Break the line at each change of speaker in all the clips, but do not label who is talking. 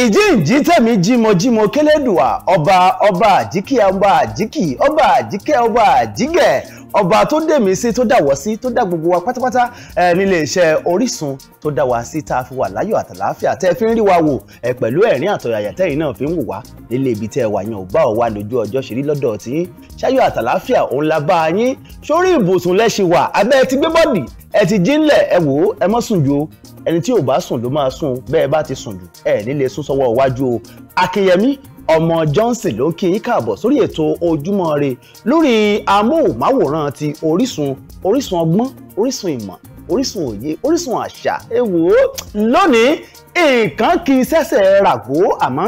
ìjíǹjí tẹ̀mí jímọ̀jímọ̀ kélédùà ọba ọba àjíkì ọba àjíkì ọba àjíkẹ́ ọba àjígẹ̀ ọba tó dè mí sí tó dà wọ́ sí tó dà gbogbo wa pátápátá ẹ nílé iṣẹ́ Orísun tó dà wá sí tá a fi wà láyọ̀ àtàlàáfíà tẹ́ ẹ fi ń rí wa wò ẹ pẹ̀lú ẹ̀rín àtọ̀yàyà tẹ́yìn náà fi ń wò wá nílé ibi tẹ́ ẹ wà yẹn ò bá ọ wá lójú ọjọ́ ṣe rí lọ́dọ̀ tí yín ṣáyọ̀ àtàlàáfíà òun la bá a yín sórí ìbùsùn lẹ́ṣin wà abẹ́ ẹ ti gbé bọ́dì ẹ ti jí ńlẹ̀ ẹ wò ó ẹ mọ́ sùn jù ẹni tí ò bá sùn ló máa sùn bẹ́ẹ̀ bá ti sùn jù ẹ nílé sún sọ́wọ́ iwájú Akínyẹmí ọmọ Johnson ló ń kí yín káàbọ̀ sórí ètò ojúmọ́ re lórí amóhùnmáwòrán ti Orísun Orísun ọgbọ́n Orísun ìmọ̀ Orísun òye Orísun àṣà ẹ wò ó lónìí nǹkan kì í ṣẹ̀ṣẹ̀ ràgó àmọ́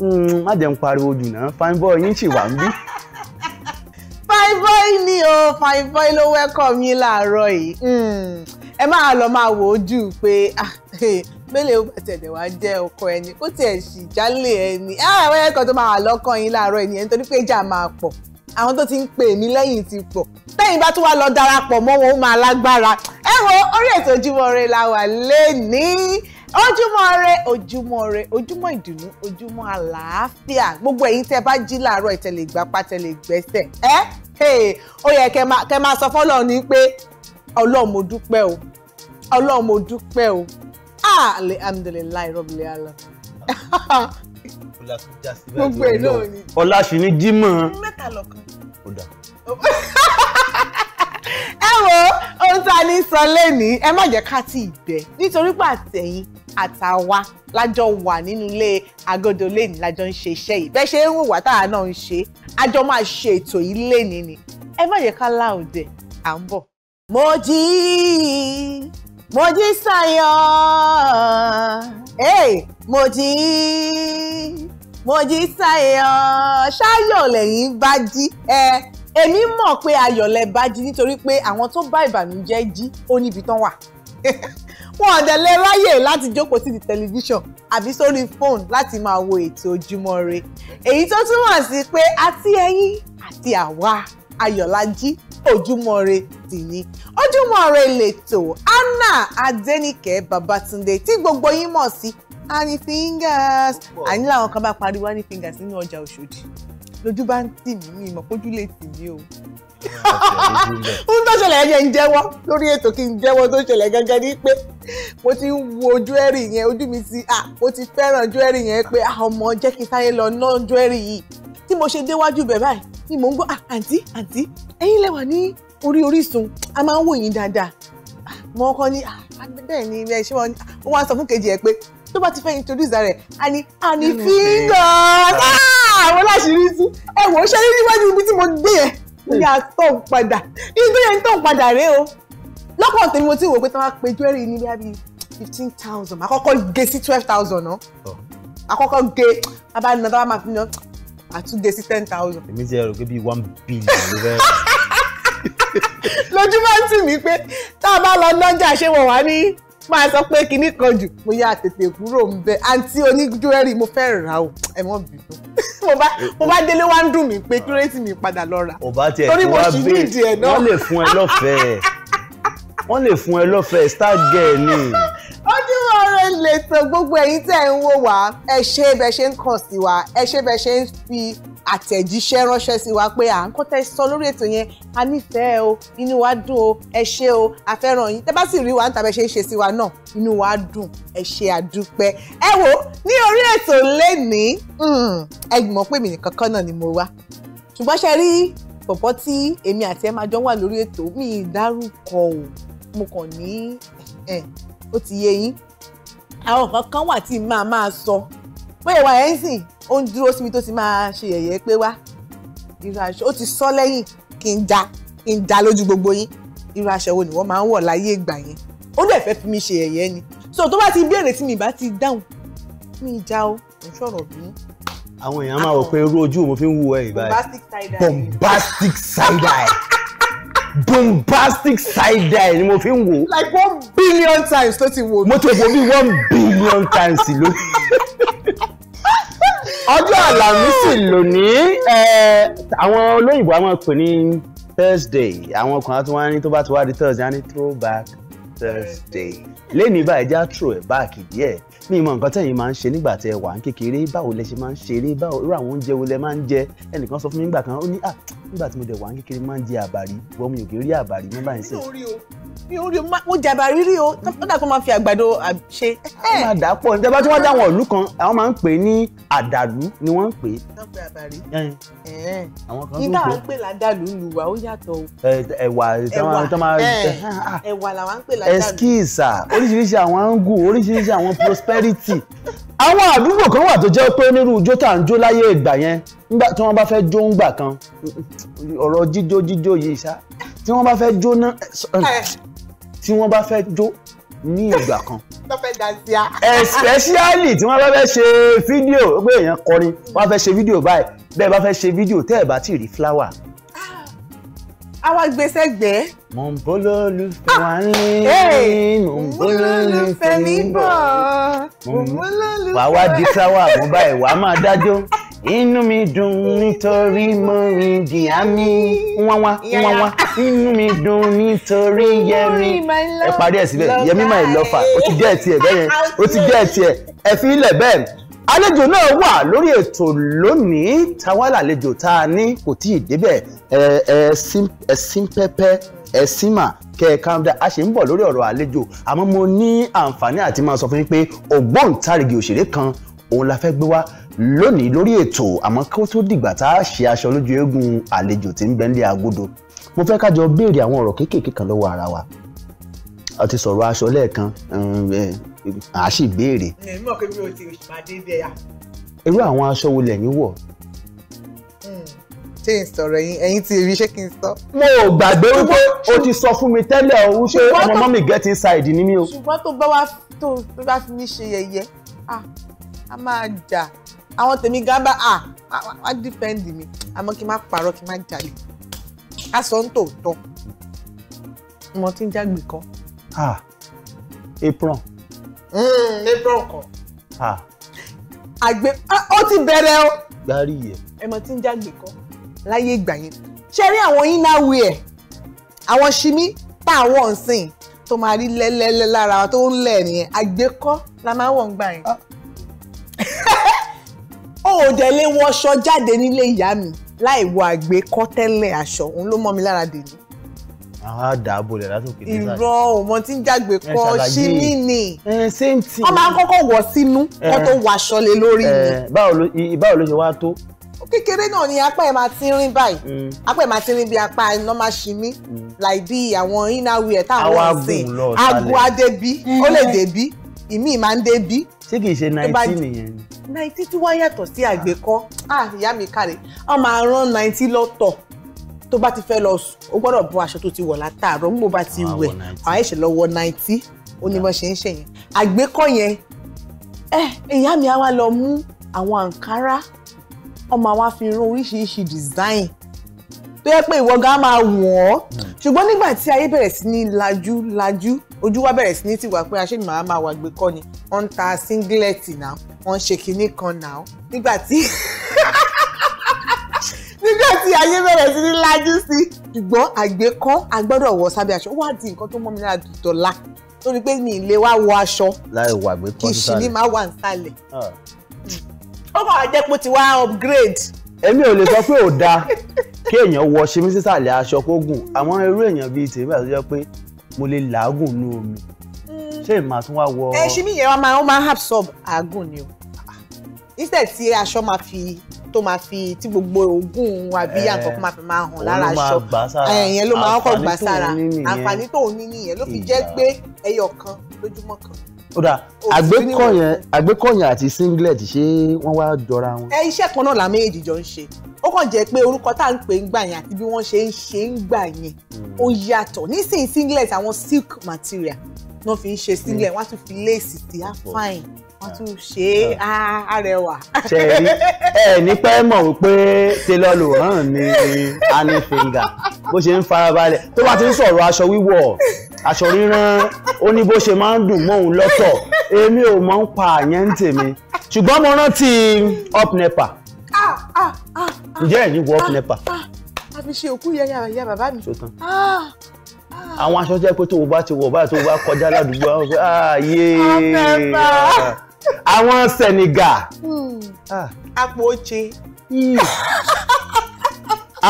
mm, má jẹun pariwo jù náà fine boy yín ṣì wà ń bí.
fine boy ni o fine boy ló wẹ́kọ̀ mi láàárọ̀ yìí. Mm ẹ máa lọ máa wò ó jù pé ah, mélòó bàtẹ̀lẹ̀ wá jẹ́ ọkọ ẹni kó tiẹ̀ sì jálè ẹni ah, àwọn ẹ̀kọ́ tó máa wà lọ́kàn yín láàárọ̀ ẹni ẹni torí pé ìjà máa pọ̀ àwọn tó ti ń pè mí lẹ́yìn ti pọ̀ tẹ́yìn bá tún wá lọ darapọ̀ mọ́ wọn ó máa lágbára ẹ wo orí ètò Ojúmọ́ Ire la wà lénìí ojúmọ́ ire ojúmọ́ ire ojúmọ́ ìdùnnú ojúmọ́ àlàáfíà gbogbo ẹ̀yin tẹ́ bá jí làárọ̀ ìtẹlẹ ìgbapá tẹlẹ ìgbẹ́sẹ̀ ẹ ó yẹ kẹ́ máa sọ fọ́lọ́run ní pé Ọlọ́run mo o ọlọ́run mo dúpẹ́ o alhamdulilayi rọ́bìlì àlọ́.
gbogbo ẹ̀ náà ni. ọlásùnì jímọ̀.
mẹ́ta lọ́kàn. ó dà. ẹ wo ohun tá a ní sọ lẹ́ni ẹ má jẹ́ ká tí ì bẹ̀ nítorí pé àtẹ̀yìn àtàwa lájọ wà nínú ilé agodo lẹ́ni lájọ ń ṣe iṣẹ́ yìí bẹ́ẹ̀ ṣe ń wùwà táwa náà ń ṣe àjọ máa ṣe ètò yìí lẹ́ni ni ẹ má jẹ́ ká láòdẹ̀ à ń bọ̀. mo jí Mojísáyọ̀ hey, Mojí Mojísáyọ̀ ṣáyọ̀ lẹ́yìn bá jí ẹ èmi mọ̀ pé ayọ̀ lẹ bá jí nítorí pé àwọn tó bá ìbànújẹ́ jí ó níbi tán wà wọn ò dẹ̀ lè ráyè láti jókòó sí di tẹlifíṣàn àbí sórí fóònù láti máa wo ètò ojúmọ́ re èyí tó túmọ̀ sí pé àti ẹ̀yin àti àwa ayọ̀lájí ojúmọ́ re tìyín ojúmọ́ re lètò anna adẹ́nìkẹ́ babatunde tí gbogbo yín mọ̀ sí honey fingers ani làwọn kan bá pariwo honey fingers nínú ọjà òṣòdì lójú bá ń tì mí mi ìmọ̀ lè tì mí o ohun tó ṣẹlẹ̀ yẹn ń jẹ́wọ́ lórí ètò kí n jẹ́wọ́ tó ṣẹlẹ̀ gẹ́gẹ́ ni pé mo ti wo jewelry yẹn ojú mi ti à mo ti fẹ́ràn jewelry yẹn pé ọmọ jẹ́ kí sáyé lọ ná jewelry yìí tí mo ṣe déwájú bẹ̀ báyìí ni mò ń gbọ́ ah, àǹtí àǹtí ẹ̀yin lẹ́wà ní orí Orísun a máa ń wò yín dáadáa ah, mo kọ́ ni ah, bẹ́ẹ̀ ni ẹ ṣé wọn ó wá sọ fún kejì ẹ pé tó bá ti fẹ́ introduce rẹ̀ a ní a ní fingers àwọn láṣìírí tú ẹ wò ó ṣe ní níwájú ibi tí mo gbé yẹn ní àtọ̀ padà ibi yẹn ń tọ̀ padà rèé o lọ́pọ̀ tèmi mo ti wò pé tí wọ́n á pe jewelry ní bí i fifteen thousand àkọ́kọ́ gé sí twelve thousand náà àkọ́kọ́ gé abániná tó bá máa fi yan àtúndé sí ten thousand.
èmi ti rò pé bíi one billion ló fẹ́ rà.
lójúmọ́ ń tì mí pé tá a bá lọ lọ́jà ṣé wọ́n wá ní máa sọ pé kinní kan jù mo yá tètè kúrò ń bẹ àǹtí oníjúwẹ́rì mo fẹ́ rà o ẹ mọ̀ bínú mo bá délé wá ń dùn mí pé kírésì mi padà lọ
rà
torí mo ṣì ní ìdí ẹ̀ náà. wọ́n lè fún ẹ lọ́fẹ̀ẹ́ wọ́n lè fún ẹ lọ́fẹ̀ẹ́ star girl ni.
ojúmọ́ ń letò gbogbo ẹ̀yin tẹ̀ ń wò wá ẹ ṣe bẹ ṣe ń kàn sí wa ẹ ṣe bẹ ṣe ń fi àtẹ̀jíṣẹ́ ránṣẹ́ sí wa pé à ń kọ́ tẹ́ sọ lórí ètò yẹn a nífẹ̀ẹ́ o inú wa dùn o ẹ ṣé o a fẹ́ràn yín tẹ́ bá sì rí wa ń tàbí ṣe ń ṣe sí wa náà inú wa dùn ẹ ṣé àdúpẹ́ ẹ wò ní orí ètò lénìí hmm, ẹ gbìmọ̀ pé mi nìkan kan náà ni mo wá ṣùgbọ́n ṣe rí pọ̀pọ́ tí èmi àti ẹ máa jọ wà lórí ètò mi ìdárúkọ o mo kàn ní ó ti yé yín àwọn nǹkan kan wà tí màá máa sọ bóyá ìwà ẹ̀ ń sìn ó ń dúró síbi tó ti máa ṣe yẹ̀yẹ́ pé wá irú aṣọ ó ti sọ lẹ́yìn kí n da kí n da lójú gbogbo yín irú aṣọ wo ni wọ́n máa ń wọ̀ láyé ìgbà yẹn ó dẹ̀ fẹ́ fi mi ṣe yẹ̀yẹ́ ni so tó bá ti béèrè tí mi bá ti dáhùn mi ìjà o kò sọ̀rọ̀ bí.
àwọn èèyàn máa wò pé irú ojú mo fi ń wù ẹ́ ìbáyìí bombastic side eye. bombastic side eye. bombastic side die ni mo fi ń wò. like one billion times ló ti wò mí. mo ti wò mí one billion times ló.
ọjọ́ àlàmísì
lónìí àwọn olóyìnbó a máa pè ní thursday àwọn kan tó wá ní tó bá ti wá di thursday á ní throwback thursday lẹ́ni báyìí já throw ẹ̀ báàkì díẹ̀ mi mọ nǹkan tẹ̀yin máa ń ṣe nígbà tẹ wà ń kékeré báwo lẹ ṣe máa ń ṣeré báwo irú àwọn oúnjẹ wo lẹ máa ń jẹ ẹnìkan sọ fún mi nígbà kan ó ní ah, nígbà tí mo dẹ̀ wá ní kékeré máa ń jẹ àbàrí wọ́n mi ò kì í rí àbàrí nígbà yẹn sẹ́yìn. mi ò rí o mo jẹ àbàrí rí o kódà kó máa fi àgbàdo ṣe. a máa dà pọ̀ níta bá tí wọ́n dáwọn ìlú kan àwọn máa ń pè é ní àdàlú ni wọ́n ń pè é. wọ́n pe àbàrí. àwọn kan tó ń pè é. nígbà wọn pè
ládàlú lu wa ó yàtọ̀ o. ẹ̀wà ẹ̀wà làwọn pè ládàlú.
ẹskíìsà oríṣiríṣi àwọn angle oríṣiríṣi àwọn prosperity àwọn àdúgbò kan wà tó jẹ́ pé onírúurú jó tá à ń jó láyé ìgbà yẹn nígbà tí wọ́n bá fẹ́ jó ńgbà kan ọ̀rọ̀ jíjó jíjó yìí ṣá tí wọ́n bá fẹ́ jó ná eh. tí wọ́n bá fẹ́ jó ní ìgbà kan
especially
tí wọ́n bá fẹ́ ṣe fídíò pé èèyàn kọrin wọ́n fẹ́ ṣe fídíò báyìí bẹ́ẹ̀ bá fẹ́ ṣe fídíò tẹ́ ẹ̀ bá ti rí flower
àwa gbèsè gbẹ.
mò ń bolo olùfẹ́ ah, wa ń lé mò ń bolo olùfẹ́ mi bọ̀ mò ń bolo olùfẹ́. wàá wá di sáwà mo báyìí wàá máa dájọ́ inú mi dùn nítorí mo rìn di àmì wánwá wánwá inú mi dùn nítorí yẹmi ẹ parí ẹ síbẹ̀ yẹmi my lover ó ti jẹ́ ẹ̀ tiẹ̀ bẹ́ẹ̀ yẹn ó ti jẹ́ ẹ̀ tiẹ̀ ẹ fi ilẹ̀ bẹ́ẹ̀ àlejò náà wà lórí ètò lónìí tawala àlejò tá a ní kò tí ì débẹ̀ ẹ̀sìn pẹ́pẹ́ ẹ̀sìn mà kẹ́ẹ̀kanda a ṣe ń bọ̀ lórí ọ̀rọ̀ àlejò àmọ́ mo ní àǹfààní àti máa sọ fún yín pé ògbóǹtarìgì òṣèré kan òun la fẹ́ gbé wá lónìí lórí ètò àmọ́ kó tó dìgbà tá a ṣe aṣọ lójú eégún àlejò tí ń bẹ nílé agodo mo fẹ́ ká béèrè àwọn ọ̀rọ̀ kéékèèké kan lọ́wọ́ ara wa a ti sọ̀rọ̀ aṣọ lẹ́ẹ̀kan àá sì béèrè.
èmi mọ̀ pé mi ò ti máa dé bẹ́ẹ̀ yá.
irú àwọn aṣọ wo lẹ̀yin wọ̀.
Hmm. ṣé n sọ̀rọ̀ yín ẹ̀yin
ti rí ṣé kí n sọ. mo ò gbàgbé wípé o ti sọ fún mi tẹ́lẹ̀ o wípé ọmọ mọ́mì get inside ni mí o.
ṣùgbọ́n tó bá wá tó bá fi mí ṣe yẹ̀yẹ́ a máa jà àwọn tèmi gan bá a wá dífẹ́ǹdì mi àmọ́ kí n má parọ́ kí n má jalè a sọ ń tòótọ́ mo ti ń jágbe kan.
ah
apron. E
Hmm, lébron
kan.
àgbẹ̀ ah, ó ti bẹ̀rẹ̀ o. gbárí yẹ. ẹ mọ tí ń jágbe kọ láyé ìgbà yẹn ṣe rí àwọn inner wear àwọn ṣimí tá àwọn ọ̀sìn tó máa rí lẹ́lẹ́lẹ́ lára wa tó ń lẹ̀ nìyẹn àgbékọ́ la máa ń wọ̀ ń gbà yẹn. Ah. ó ò dẹ̀ lè wọṣọ jáde nílé ìyá mi láì wọ àgbékọ́ tẹ́lẹ̀ aṣọ òun ló mọ́ mi lára dèní
àwọn àdàbò rẹ̀ látòkè dé sàlẹ̀. ìrọ̀
ọmọ tí ń jàgbé
kọ ṣíní
ni wọ́n máa ń kọ́kọ́ wọ̀ sínú kó tó
wàṣọ lé lórí ni. báwo ló ṣe wá tó.
kékeré náà ni apá ẹ̀ máa ti rìn báyìí mm. apá ẹ̀ máa ti rìn bí apá iná máa ṣì mí mm. láì bí àwọn inner wear táwọn ń sìn àgọ́ adébí ó lè débí ìmí máa ń débí. ṣé kìí ṣe náìtì nìyẹn ni. náìtì tí wọ́n yàtọ̀ sí àgbékọ́ ah ìyá mi kárẹ̀ wọ́n máa rán náìtì lọ́tọ̀ tó bá ti fẹ́ lọ sùn ó gbọ́dọ̀ bọ́ aṣọ tó ti wọ̀ látàárọ̀ gbogbo bá ti wẹ̀ àwọn ẹ̀ṣẹ̀ lọ wọ náìtì ó ní bọ́n ṣe ń ṣe yẹn àgbékọ́ yẹn ẹ eh, ìyá mi á wá lọ mú àwọn àǹkárá ọmọ àwa fi rán oríṣiríṣi design tó yẹ pé ìwọ gan máa wọ̀n ọ́ hmm. ṣùgbọ́n nígbà tí ayé bẹ̀rẹ̀ sí ní lajú lajú ojú wa bẹ̀rẹ̀ sí ní tiwa pé aṣẹ́ màá máa wà gbé kọ́ ni wọ́n ń ta singlet náà wọ́n ń ṣe kinní kan náà nígbà tí nígbà tí ayé bẹ̀rẹ̀ sí ní lajú sí ṣùgbọ́n àgbékọ́ agbọ́dọ̀ wọ sábẹ́ aṣọ ó wá di nǹkan tó mọ́ mi lára dọ̀la torí pé mi lè wá wọ aṣọ kì í sì ní máa wà nísàlẹ̀ ah.
ó máa jẹ́ pé ó ti wá upgrade. èmi ò lè sọ pé ò dáa kí èèyàn wọ ṣe mí sísàlẹ̀ aṣọ kó gùn àmọ́ irú èèyàn bíi tèmi àti ọjọ́ pé mo lè làágùn ní omi hmm. ṣé màá tún wá wọ. ẹ ṣí
mi yẹn wọn máa ń absorb àágùn ni o ah. instead tí aṣọ máa fi tó máa fi tí gbogbo oògùn àbí eh, àtọ̀ kó máa fi máa hàn lára aṣọ ẹ̀yẹn eh, ló máa kọ́ gbà sára àǹfààní tó ní nìyẹn ló fi jẹ́ pé ẹyọ kan lójúmọ́ kan
ó dà àgbékọ̀yàn àgbékọ̀yàn àti singlet ṣé wọ́n wá jọra wọn.
ẹ eh, iṣẹ́ kan náà làá méjèèjì jọ ń ṣe ó kàn jẹ́ pé orúkọ tá à ń pè ń gbà yẹn àti bí wọ́n ṣe ń ṣe ń gbà yẹn ó hmm. yàtọ̀ nísìnyí singlet àwọn silk material náà fi ń ṣe singlet hmm. wọ́n á tún fi léèsì tí á fine wọ́n tún ah. ṣe arẹwà. ṣe
ẹ ní pẹ́ mọ̀ wípé taylor lohan ni annie finger bó ṣe ń farabalẹ̀ tó bá ti ń sọ̀rọ̀ aṣọ wíwọ̀ aṣọ rírán ó ní bó ṣe máa ń dùn mọ́ òun lọ́tọ̀ èmi ò mọ̀ ń pa àyẹn ń tèmi ṣùgbọ́n mo rántí up nepa ǹjẹ́ ẹ̀yin wọ up nepa.
a fi ṣe òkú yẹyà ìyá bàbá mi
àwọn aṣọ jẹ́ pé tó o bá ti wọ̀ báyìí tó o bá kọjá ládùúgbò àwọn ọ̀gbẹ́ ààyè àwọn Senegal
hmm. ah. àpò oche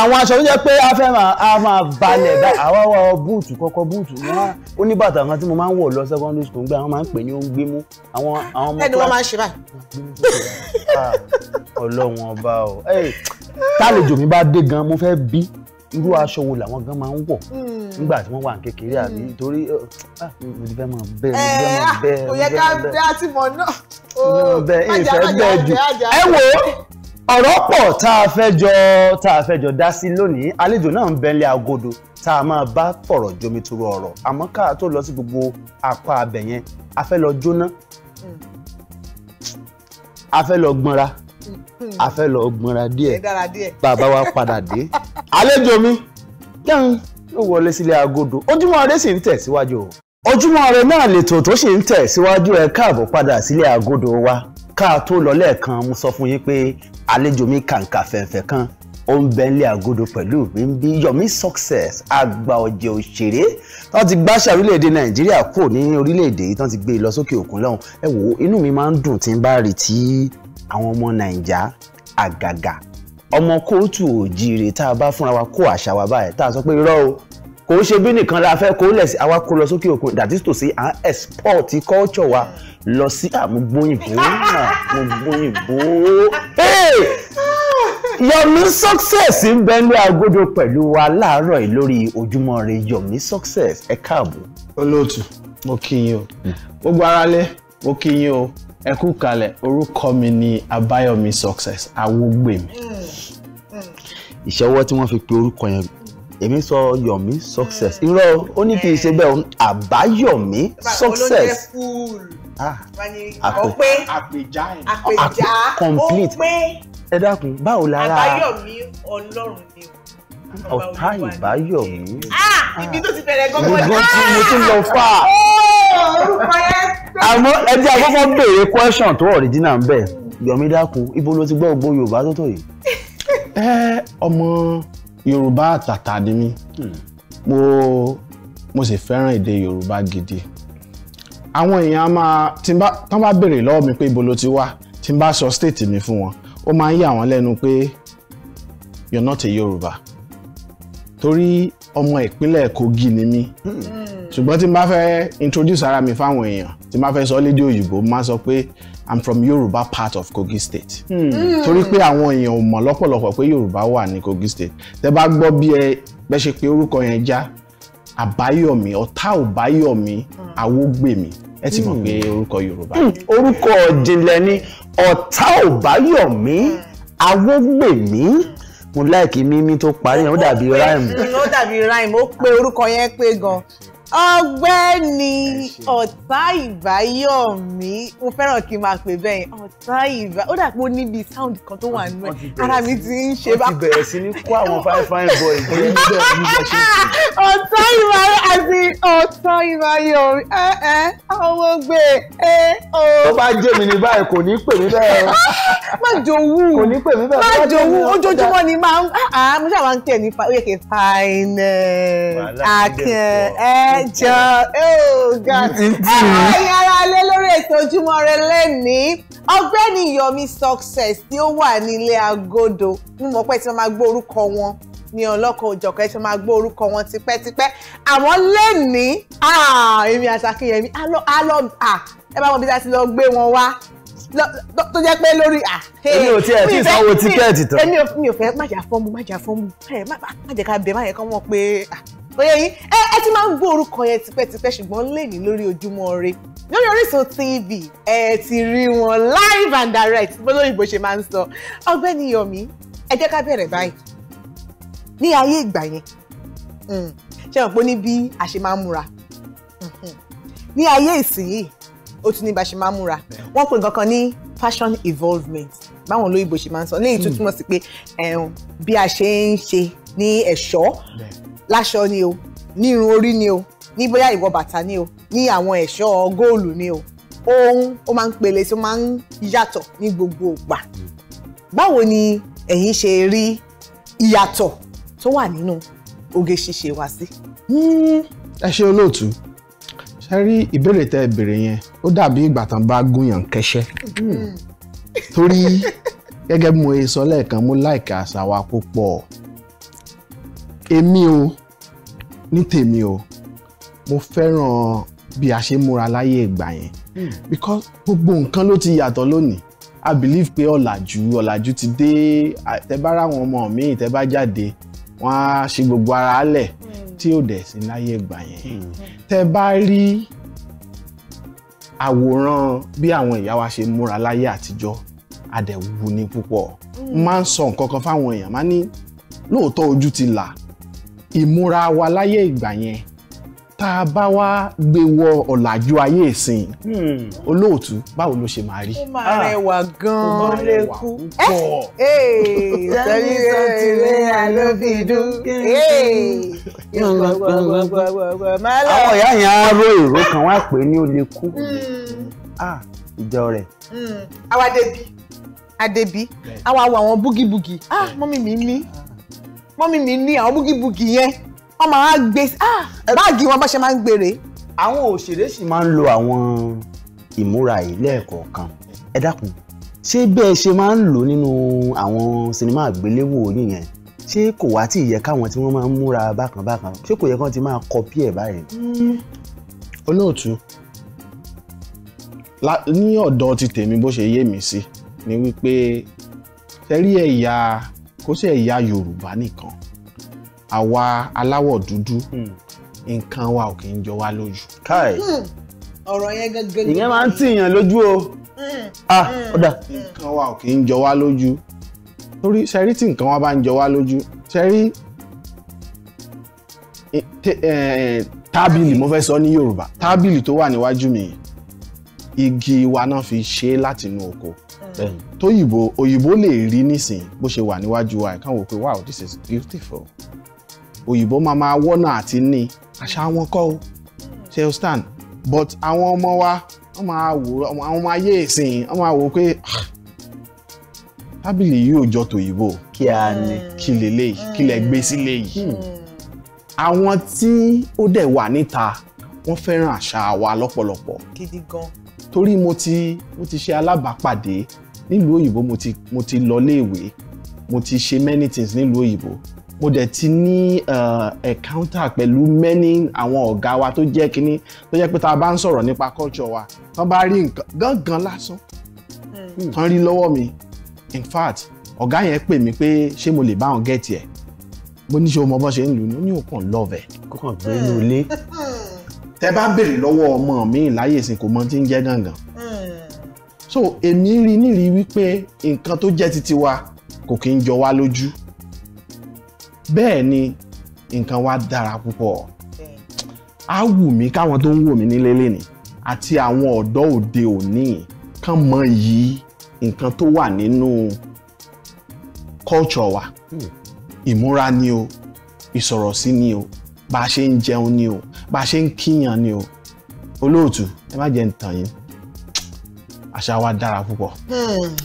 àwọn aṣọ tó jẹ́ pé a fẹ́ máa máa balẹ̀ báyìí àwa wọ búùtù kọ́kọ́ búùtù wọn ó ní bàtà kan tí mo máa ń wọ̀ lọ secondary school gbé àwọn máa ń pè ní ó mú àwọn àwọn ọmọ kíláàsì. ẹni wọn máa ń ṣe báyìí. Ah, Ọlọ́run ọba o tálejò mi bá dé gan mo fẹ́ bí irú aṣọ wo làwọn gan máa ń wọ̀ hmm. nígbà tí wọ́n wà kékeré àbí hmm. torí uh, ah, mo ti fẹ́ mọ̀ bẹ́ẹ̀ mo ti fẹ́ mọ̀ bẹ́ẹ̀ mo ti fẹ́ mọ̀ bẹ́ẹ̀ àti mọ̀ náà ẹ wò ó ọ̀rọ̀ pọ̀ tá a fẹ́ jọ tá a fẹ́ jọ dá sí lónìí àlejò náà ń bẹ́ńlẹ̀ agodo tá a máa bá fọ̀rọ̀ jomitoro ọ̀rọ̀ àmọ́ ká tó lọ sí gbogbo apá abẹ̀yẹn a fẹ́ lọ jóná hmm. a fẹ́ lọ gbọ́nra a fẹ́ lọ gbọ́nra díẹ̀
bàbá wa padà dé
àlejò mi dáhùn ló wọlé sílé agodo ojúmọ́ ire sì ń tẹ̀síwájú o ojúmọ́ ire náà lètò tó sì ń tẹ̀síwájú ẹ káàbọ̀ padà sílé agodo wa ká tó lọ lẹ́ẹ̀kan mo sọ fún yín pé àlejò mi kàǹkà fẹ̀fẹ̀ kan ó ń bẹ nílé agodo pẹ̀lú mi ń bí yomi success àgbà ọ̀jẹ̀ òṣèré tó ti gbáṣà orílẹ̀-èdè nàìjíríà kò ní orílẹ̀-èdè yìí tó ti gbé e lọ sókè òkun lọ́hùn ẹ wò inú mi máa ń dùn tí ń bá rí tí àwọn ọmọ nàìjà àgàgà ọmọ kóòtù òjìrè tá a bá fúnra wa kó àṣà wa báyìí tá a sọ pé irọ́ o kò ó ṣe bí nìkan la fẹ́ kó lẹ̀ sí àwa kó lọ sókè òkun that is to say à ń export culture wa lọ sí àmúgbóyìnbó àmúgbóyìnbó yomi success ń bẹ ní agodo pẹ̀lú wa láàárọ̀ yìí lórí ojúmọ́ ire yomi success ẹ káàbọ̀. olóòtú mo
kí yín o gbogbo aráalé mo kí yín o ẹ kú kalẹ̀ orúkọ mi ni abayomi Success Awógbèmí. ìṣẹ́wọ́ tí wọ́n fi pe orúkọ
yẹn èmi sọ Yọ̀mí Success irọ́ ó ní kì í ṣe bẹ́ẹ̀ Àbáyọ̀mí Success ah,
àpè àpèjá àpèjá complete
ẹ dákun báwo lára Àbáyọ̀mí
Ọlọ́run ni
o ọ̀tá ìbáyọ̀mí. Ah,
ibi tó ti bẹ̀rẹ̀ gọ́gọ́ ni. mo tún lọ fà. Ah, àmọ́ ẹbí àkọ́kọ́ béèrè
question tó original ń bẹ Yomi
Daku ibo ló ti gbọ́ ògbó Yorùbá tó tó yìí. ẹ ọmọ Yorùbá àtàtà ni mí hmm. mo mo sì fẹ́ràn èdè Yorùbá gidi àwọn èèyàn á máa tí n bá tán bá béèrè lọ́wọ́ mi pé ibo ló ti wá tí n bá sọ state mi fún wọn ó máa ń yà wọ́n lẹ́nu pé you're not a Yorùbá torí ọmọ ìpínlẹ̀ Kogi ni mí hmm. ṣùgbọ́n tí n bá fẹ́ introduce ara mi fáwọn èèyàn tí máa fẹ́ sọ lédè òyìnbó máa sọ pé i'm from Yoruba part of kogi state hmm. Hmm. torí pé àwọn èèyàn ò mọ̀ lọ́pọ̀lọpọ̀ pé yorùbá wà ní kogi state tẹ́ bá gbọ́ bí ẹ bẹ́ ṣe pé orúkọ yẹn já àbáyọ̀mí ọ̀tá òbáyọ̀mí àwógbèmí hmm. ẹ ti mọ̀ pé orúkọ yorùbá. orúkọ ìjìnlẹ̀ ni ọ̀tá
òbáyọ̀mí àwógbèmí mo láìkí mímí tó parí yẹn ó dàbí ráìmù.
ó dàbí ráìmù ó pé orúkọ yẹn pé gan-an ọ̀gbẹ́ni ọ̀tá ìbáyọ̀mí mo fẹ́ràn kí n máa pè bẹ́ẹ̀ yẹn ọ̀tá ìbá ó dà pé ó níbi sound kan tó wà nínú ẹ̀ ara
mi ti ń ṣe bá. ó ti bẹ̀rẹ̀ sí ní kó àwọn fine fine boy ní ìgbà nígbà ṣe
é. ọ̀tá ìbá àti ọ̀tá ìbáyọ̀mí ẹ ẹ àwọn gbé e o. tó bá jẹ́ mi ní báyìí
kò ní pè mí bẹ́ẹ̀.
má jowú kò ní pè mí bẹ́ẹ̀. má jowú ojoojúmọ́ ni máa ń ah, ah, mo ṣáà máa ń nípa ó yẹ kí fine akẹ́ ẹ ẹjọ oh, ẹ̀yin ará lé lórí ètò ojúmọ́ rẹ lẹ́nìí ọ̀gbẹ́ni Yomi Success tí ó wà nílé agodo mo mọ̀ pé tí wọ́n máa gbọ́ orúkọ wọn ní ọlọ́kan òjọ̀kan ẹ ṣe máa gbọ́ orúkọ wọn tipẹ́tipẹ́ àmọ́ lẹ́nìí ah, èmi àti Akínyẹmí ẹ bá wọn bí a ti lọ gbé wọn wá tó jẹ́ pé lórí à. èmi ò tiẹ̀ tí ìsanwó tíkẹ́ẹ̀tì tán. èmi ò fẹ́ má jà fọ́ọ̀mù má jà fọ́ọ̀mù má jẹ́ ká bẹ̀ má yẹ mọ̀ pé oyè yìí ẹ ẹ ti máa ń gbọ́ orúkọ yẹn tipẹ́tipẹ́ ṣùgbọ́n lẹ́yìn lórí Ojúmọ́ Ire lórí Orísun TV ẹ ti rí wọn live and direct bó lóyìnbó ṣe máa ń sọ ọ̀gbẹ́ni Yomi ẹ jẹ́ ká bẹ̀rẹ̀ báyìí ní ayé ìgbà yẹn hmm, ṣé wọn pé ní bí a ṣe máa ń múra hmm, ní ayé ìsinyìí ó tún ní bá ṣe máa ń múra wọ́n pè nǹkan kan ní fashion evolvement báwọn olóyìnbó ṣe máa ń sọ léyìí tó hmm. túmọ̀ sí pé bí a ṣe ń ṣe ní ẹ̀ṣọ́ láṣọ ni o ní irun orí ni o ní bóyá ìwọ bàtà ni o ní àwọn ẹ̀ṣọ́ góòlù ni o ohun ó máa ń pele tí ó máa ń yàtọ̀ ní gbogbo ìgbà báwo ni ẹ̀yin ṣe rí ìyàtọ̀ tó wà nínú oge ṣíṣe wa sí.
Hmm. ẹ ṣe olóòtú ṣe rí ìbéèrè tẹ ẹ béèrè yẹn ó dàbí ìgbà tán bá gúnyàn kẹṣẹ hmm. torí gẹ́gẹ́ bí mo ṣe sọ lẹ́ẹ̀kan mo láìka àṣà wa púpọ̀ èmi o ní tèmi o mo fẹ́ràn bí a ṣe múra láyé ìgbà yẹn hmm. because gbogbo nǹkan ló ti yàtọ̀ lónìí i believe pé ọ̀làjú ọ̀làjú ti dé tẹ́bára àwọn ọmọ mi tẹ́bá jáde wọ́n á ṣe gbogbo ara lẹ̀ hmm. tí ò dẹ̀ sí láyé ìgbà yẹn hmm. tẹ́ bá rí àwòrán bí àwọn ìyá wa ṣe múra láyé àtijọ́ àdẹ̀wù ni púpọ̀ máa ń sọ nǹkan kan fáwọn èèyàn máa ní lóòótọ́ ojú ti là ìmúra wa láyé ìgbà yẹn tá a bá wá gbé wọ ọ̀làjú ayé ìsìn hmm. olóòtú báwo ló ṣe máa rí. ó
máa ah. rẹwà gan-an ó lè kú. sẹ́ni sọ́ọ̀tì rẹ̀ ló fi dún. Eh.
àwọn ìyá yẹn á ró ìró kan wá pé ní ó lè kú hmm. ah, ìjọ rẹ̀.
Hmm. àwa débi. àdébí àwa wo àwọn búgíbugì ah mọ́mí mi ní mọ́mí mi ní àwọn búgíbugì yẹn wọ́n máa gbé ah! báàgì wọn bá ṣe máa ń gbére.
àwọn òṣèré sì máa ń lo àwọn ìmúra yìí lẹ́ẹ̀kọ̀ọ̀kan ẹ dákun ṣé bẹ́ẹ̀ ṣe máa ń lò nínú àwọn sinimá àgbéléwò yín yẹn ṣé kò wá tí ìyẹ káwọn tí wọ́n máa ń múra bákan bákan ṣé kò yẹ kán ti máa kọpí ẹ̀ báyìí. Hmm.
olóòtú ní ọ̀dọ̀ ti tèmi bó ṣe yé mi sí ni wípé ṣe rí ẹ̀yà kó sì ẹ̀yà Yorùbá nìkan àwa aláwọ̀ dúdú hmm. nǹkan wa ò kì í jọ wá lójú. káì hmm.
ọ̀rọ̀ yẹn gangan ìyẹn máa ń
tìyàn lójú o.
Hmm. ah ọ̀dà nǹkan wa
ò kì í jọ wá lójú torí ṣẹ́rí tí nǹkan wa bá ń jọ wá lójú ṣẹ́rí tábìlì mo fẹ́ sọ ní Yorùbá tábìlì tó wà níwájú mi igi wa náà fi ṣe é látinú oko tóyìnbó òyìnbó lè rí nísìn bó ṣe wà níwájú wa ìkànnì wò pé wow this is beautiful òyìnbó máa máa wọ́nà àti ní àṣà wọn kọ́ o ṣe stand but àwọn ọmọ wa wọ́n máa wò àwọn ọmọ ayé ìsìn wọ́n máa wò pé ah, tábìlì yìí ò jọ tòyìnbó kí a ní hmm. kí lélẹ̀ yìí kí lẹ gbé sílẹ̀ yìí hmm. àwọn tí ó dẹ̀ wà níta wọ́n fẹ́ràn àṣà wa lọ́pọ̀lọpọ̀ torí mo ti mo ti ṣe alábàápàdé nílùú òyìnbó mo ti mo ti lọ léèwé mo ti ṣe many things nílùú òyìnbó mo dẹ̀ ti ní eh, encounter pẹ̀lú many àwọn ọ̀gá wa tó jẹ́ kínní tó jẹ́ pé tá a bá ń sọ̀rọ̀ nípa culture wa tán bá rí nǹkan gángan lásán hmm. tán rí lọ́wọ́ mi in fact ọ̀gá yẹn pè mí pé ṣé mo lè bá wọn gẹ̀ẹ́tì ẹ̀ mo ní ṣe ọmọ bọ́ ṣe ń lù ú ní òkàn lọ́ọ̀vẹ̀. kókàn gbé inú ilé. tẹ bá béèrè lọ́wọ́ ọmọ mi láyè sìn kò mọ tí ń jẹ́ gángan so èmi rí nírí wípé nǹkan tó jẹ́ titi wa kò kí ń jọ wá lójú bẹ́ẹ̀ ni nǹkan wa dára púpọ̀ á wù mí káwọn tó ń wò mí nílé lẹ́nìí àti àwọn ọ̀dọ́ òde òní kàn mọ yìí nǹkan tó wà nínú culture wa ìmúra ni o ìsọ̀rọ̀ sí ni o bá a ṣe ń jẹun ni o bá a ṣe ń kíyàn ni o olóòtú ẹ má jẹ́ ń tàn yín àṣà wa dára púpọ̀.
Hmm.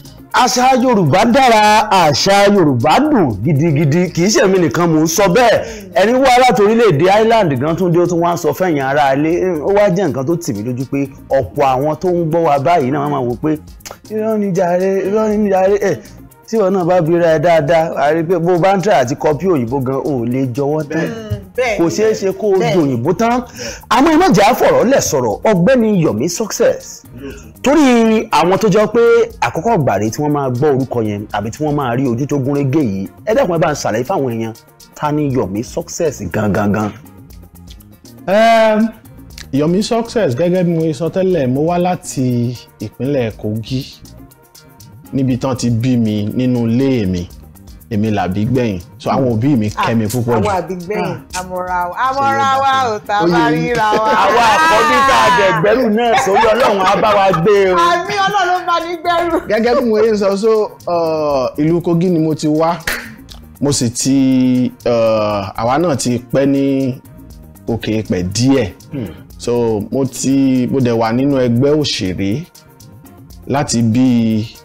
àṣà yorùbá dára àṣà yorùbá dùn gidigidi kì í ṣe èmi nìkan mò ń sọ bẹ́ẹ̀ hmm. ẹni wá láti orílẹ̀-èdè Ireland gan tún dé ó tún wá ń sọ fẹ̀yìn ara ilé hmm, ó wá jẹ́ nǹkan tó tì mí lójú pé ọ̀pọ̀ àwọn tó ń gbọ́ wa báyìí náà máa wò pé irọ́ ni ẹ̀ eh, tí wọn bá bira ẹ dáadáa àrí pé bó bá ń tẹ̀ àti kọpí òyìnbó gan ò lè jọwọ́ tán kò ṣeé ṣe kó o dòyìnbó tán àwọn ìmọ̀jà fọ̀rọ̀ lẹ̀ sọ̀rọ̀ ọgbẹ́ni Yomi Success torí àwọn tó jọ pé àkọ́kọ́ gbàrí tí wọ́n máa gbọ́ orúkọ yẹn àbí tí wọ́n máa rí ojú tó gún régé yìí ẹ dẹ́kun bá ń ṣàlàyé fáwọn èèyàn ta ni Yomi
Success gangan gan. Um, Yomi Success gẹ́gẹ́ bí mo sọ tẹ́lẹ̀ mo wá láti ìpínlẹ̀ Kogi níbi tán ti bí mi nínú ilé mi èmi làbí gbẹ̀yìn so àwọn òbí mi ah, kẹ́mi púpọ̀ jù. àwọn àbí
gbẹ̀yìn àmọ̀ra ah. wa àmọ̀ra wa ò tá a bá ríra wa. àwa àkọ́bí
tá a dẹ̀
gbẹ́rù náà sórí ọlọ́run á bá wa gbé e o. àmì
ọlọ́run bá ní gbẹ́rù. gẹ́gẹ́ bí mo yé sọ so uh, ìlú Kogi ni mo ti wá mo sì ti uh, àwa náà ti pẹ́ ní òkè pẹ̀ díẹ̀ hmm. so mo ti mo dẹ̀ wà nínú ẹgbẹ́ òṣèré láti bíi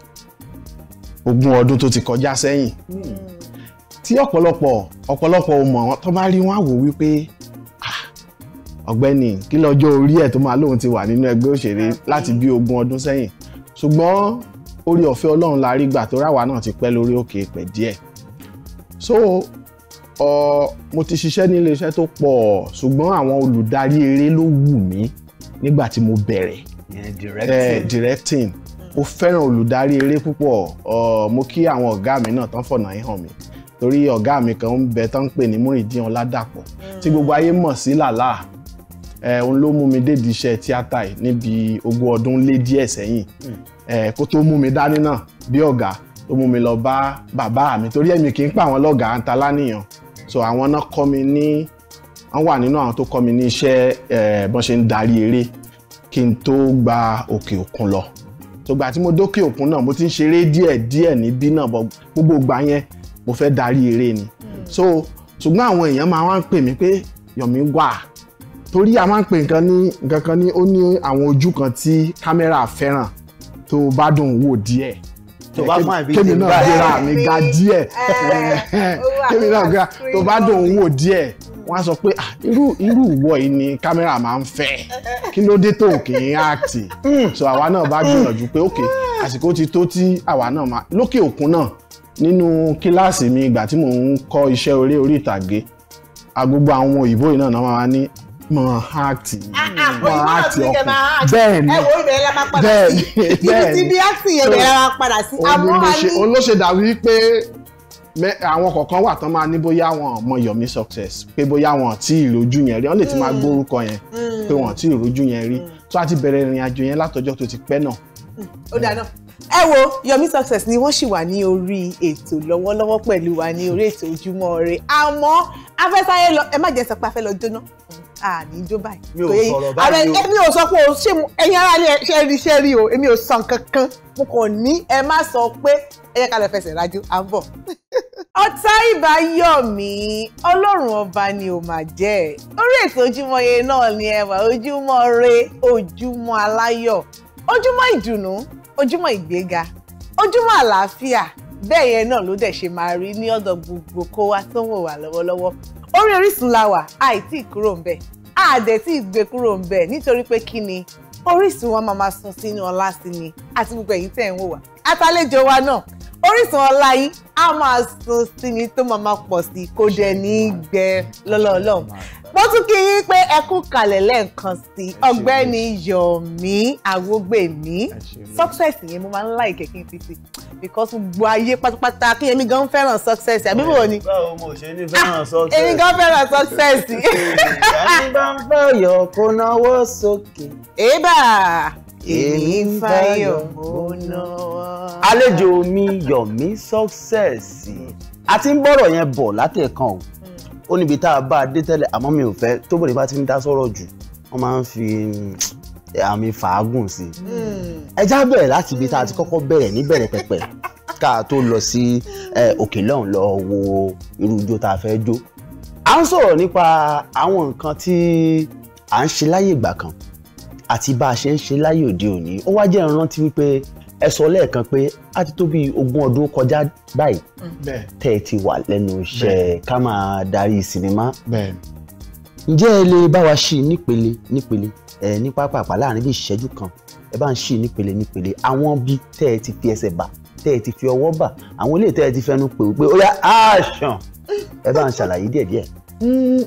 ogún ọdún tó ti kọjá sẹ́yìn tí ọ̀pọ̀lọpọ̀ ọ̀pọ̀lọpọ̀ ò mọ̀ tó bá rí wọn á wò wípé ọ̀gbẹ́ni kí lọ́jọ́ orí ẹ̀ tó máa lóun ti wà nínú ẹgbẹ́ òṣèré láti bí ogún ọdún sẹ́yìn ṣùgbọ́n orí ọ̀fẹ́ Ọlọ́run la rí gbà tó ráwa náà ti pẹ́ lórí òkè pẹ̀ díẹ̀ so ọ mo ti ṣiṣẹ́ ní iléeṣẹ́ tó pọ̀ ṣùgbọ́n àwọn olùdarí eré ló wù mí nígbà tí mo bẹ̀rẹ̀ directing eh, mo fẹ́ràn olùdarí eré púpọ̀ mo kí àwọn ọ̀gá mi náà tán fọ̀nà yín hàn mi torí ọ̀gá mi kan ń bẹ tán ń pè ní Múrídìí Ọládàpọ̀ tí gbogbo ayé mọ̀ sí làlá òun ló mú mi dédìí iṣẹ́ tíátà yìí níbi ogún ọdún lé díẹ̀ sẹ́yìn kó tó mú mi dání náà bí ọ̀gá tó mú mi lọ bá bàbá mi torí èmi kì í pa àwọn lọ́gàá ń ta lánìyàn so àwọn náà kọ́ mi ní wọ́n wà nínú àwọn tó kọ́ mi ní iṣẹ́ bọ́n ṣe ń darí eré kí n tó gba òkè òkun lọ tògbà tí mo dókè òkun náà mo ti ń ṣeré díẹ̀ díẹ̀ níbí náà bọ̀ gbogbo ìgbà yẹn mo fẹ́ darí eré ni hmm. so ṣùgbọ́n àwọn èèyàn máa wá ń pè mí pé Yomi wà torí a máa ń pè nǹkan ní nǹkan kan ní ó ní àwọn ojú kan tí kámẹ́rà fẹ́ràn tó bá dùn wò díẹ̀ tó bá mọ àbí kémi náà gbéra mi ga díẹ̀ eh, kémi náà gbéra tó bá dùn wò díẹ̀ wọ́n á sọ pé ah, irú irú ìwọ yìí ni kámẹ́rà máa ń fẹ́ kí ló dé tó kì í áàtì hmm. so àwa náà bá gbìyànjú pé ok àsìkò ti tó tí àwa náà máa lókè òkun náà nínú kíláàsì mi ìgbà tí mò ń kọ́ iṣẹ́ orí orí ìtàgé agbogbo àwọn òyìnbó yìí náà ah, ah, náà máa ní mọ áàtì mọ áàtì ọkọ bẹ́ẹ̀ ni bẹ́ẹ̀ ni bẹ́ẹ̀ ni olóṣèdàwí pé àwọn kọ̀ọ̀kan wà tán máa ní bóyá wọn mọ yomi success pé bóyá wọn tí ì rojú yẹn rí wọn lè ti máa mm. gbórúkọ yẹn pé wọn tí ì rojú yẹn rí tó mm. a ti bẹ̀rẹ̀ ìrìn àjò yẹn látọjọ́ tó ti pẹ́ náà.
Mm. ó dáa ẹ
wo yomi success ni wọ́n sì
wà ní orí ètò lọ́wọ́lọ́wọ́ pẹ̀lú wa ní orí ètò ojúmọ́ ire àmọ́ afẹ́sáyé lọ ẹ má jẹ́ sọ pé afẹ́ lọ jóná àníjó báyìí. mi ò sọ̀rọ̀ báyìí o. èmi ò sọ pé o ṣé ẹ̀yin ara ni ṣe rí ṣe rí o èmi ò sàn kankan mo kàn ní ẹ má sọ pé ẹ yẹ ká lọ fẹsẹ̀ rájò à ń bọ̀. ọ̀tá ìbá yọ̀ mí ọlọ́run ọba ni ò máa jẹ́ ẹ̀ orí ètò ojúmọ́ yẹn náà ni ẹ wà ojúmọ́ re ojúmọ́ aláyọ̀ ojúmọ́ ìdùnnú ojúmọ́ ìgbéga ojúmọ́ àlàáfíà bẹ́ẹ̀ yẹn náà ló dẹ̀ ṣe máa rí ní ọ̀dọ̀ gbogbo kó wá tó wò wá lọ́wọ́lọ́wọ́ orí Orísun la wà àìtí kúrò ń bẹ̀ àdẹ̀ tí gbé kúrò ń bẹ̀ nítorí pé kí ni Orísun wa máa máa sun sínú ọlá sí ni àti gbogbo ẹ̀yin tẹ̀ ń wò wá àtàlejò wa náà Orísun ọlá yìí á máa sun sí ni tó máa máa pọ̀ sí kó dẹ̀ ní gbẹ lọ́lọ́ọ̀lọ́ọ̀ mo tún kí yín pé ẹ kú kalẹ̀ lẹ́ẹ̀kan sí ọ̀gbẹ́ni Yomi Awógbèmí success yẹn mo máa ń láì kẹ́kẹ́ títí because gbogbo ayé pátápátá kí Yẹmí gan fẹ́ràn success àbí bò ni.
báwo mo ṣe ní fẹ́ràn ah, success. èmi gan fẹ́ràn success. ìyá mi bá ń bá ọyọ kó náwó sókè. èébà èmi ń fáyọ̀ kó náwó. àlejò mi Yomi success a ń bọ̀rọ̀ yẹn bọ̀ látẹ̀kan o ó níbi tá a bá a dé tẹ́lẹ̀ àmọ́ mi ò fẹ́ tóbìnrin bá ti ń dá sọ̀rọ̀ jù wọ́n máa ń fi eh, àmì fàágùn sí i
hmm.
ẹ já bẹ̀rẹ̀ láti ibi tá a ti kọ́kọ́ bẹ̀rẹ̀ ní bẹ̀rẹ̀ pẹ̀pẹ̀ ká a tó lọ sí òkè lọ́hùn lọ wo irú ijó tá a fẹ́ jó à ń sọ̀rọ̀ nípa àwọn nǹkan tí à ń ṣe láyé ìgbà kan àti bá a ṣe ń ṣe láyé òde òní ó wá jẹ́ ìrántí wípé ẹ sọ lẹ́ẹ̀kan pé a ti tó bí ogún ọdún kọjá báyìí tẹ́ ẹ ti wà lẹ́nu iṣẹ́ ká máa darí sinimá ǹjẹ́ ẹ lè bá wa ṣí nípele nípele ẹ ní pápápá láàrin bí ìṣẹ́jú kan ẹ bá ń ṣí nípele nípele àwọn bí tẹ́ ẹ ti fi ẹsẹ̀ bà tẹ́ ẹ ti fi ọwọ́ bà àwọn ilé tẹ́ ẹ ti fẹnu pè pé ó yá àṣàn ẹ bá ń ṣàlàyé díẹ̀díẹ̀.
Hmm,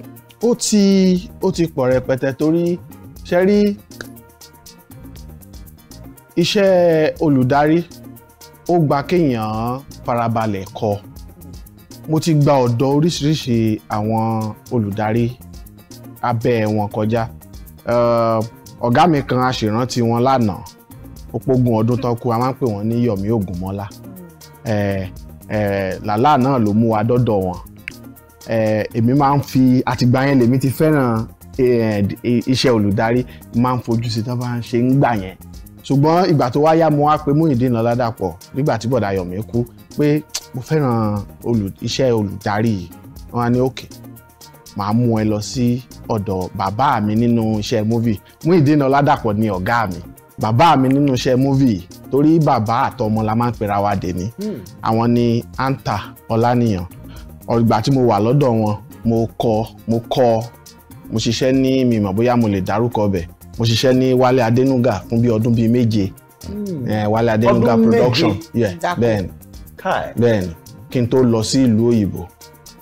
ó ti ó ti pọ̀ rẹpẹtẹ torí ṣe iṣẹ́ olùdarí ó gba kéèyàn farabalẹ̀ kọ́ mo ti gba ọ̀dọ̀ oríṣiríṣi àwọn olùdarí abẹ́ wọn kọjá ọ̀gá mi kan aṣèrántí wọn lánàá ó pógun ọdún tán kú a máa ń pè wọ́n ní Yọ̀mí Ògúnmọ́lá làlá náà ló mú wa dọ́dọ̀ wọn èmi máa ń fi àtìgbà yẹn lèmi ti fẹ́ràn iṣẹ́ olùdarí máa ń fojú sí tó bá ń ṣe ń gbà yẹn ṣùgbọ́n ìgbà tó wáyá mo wá pé Muyideen Ọládàpọ̀ nígbà tí bọ̀dà Yọ̀mí kú pé mo fẹ́ràn iṣẹ́ olùdarí yìí wọ́n á ní òkè màá mú ẹ lọ sí ọ̀dọ̀ bàbá mi nínú iṣẹ́ múvì Muyideen Ọládàpọ̀ ni ọ̀gá mi bàbá mi nínú iṣẹ́ múvì torí bàbá àtọmọ la máa ń pera wa dè hmm. àwọn ni Anta Ọláníyàn ìgbà tí mo wà lọ́dọ̀ wọn mo kọ mo kọ mo ṣiṣẹ́ ní mi bóyá mo lè dárúkọ bẹ́ẹ̀ mo ṣiṣẹ́ ní Wálé Adénúgà fún bí ọdún bíi méje hmm. eh, Wálé Adénúgà production bẹ́ẹ̀ni bẹ́ẹ̀ni kí n tó lọ sí ìlú òyìnbó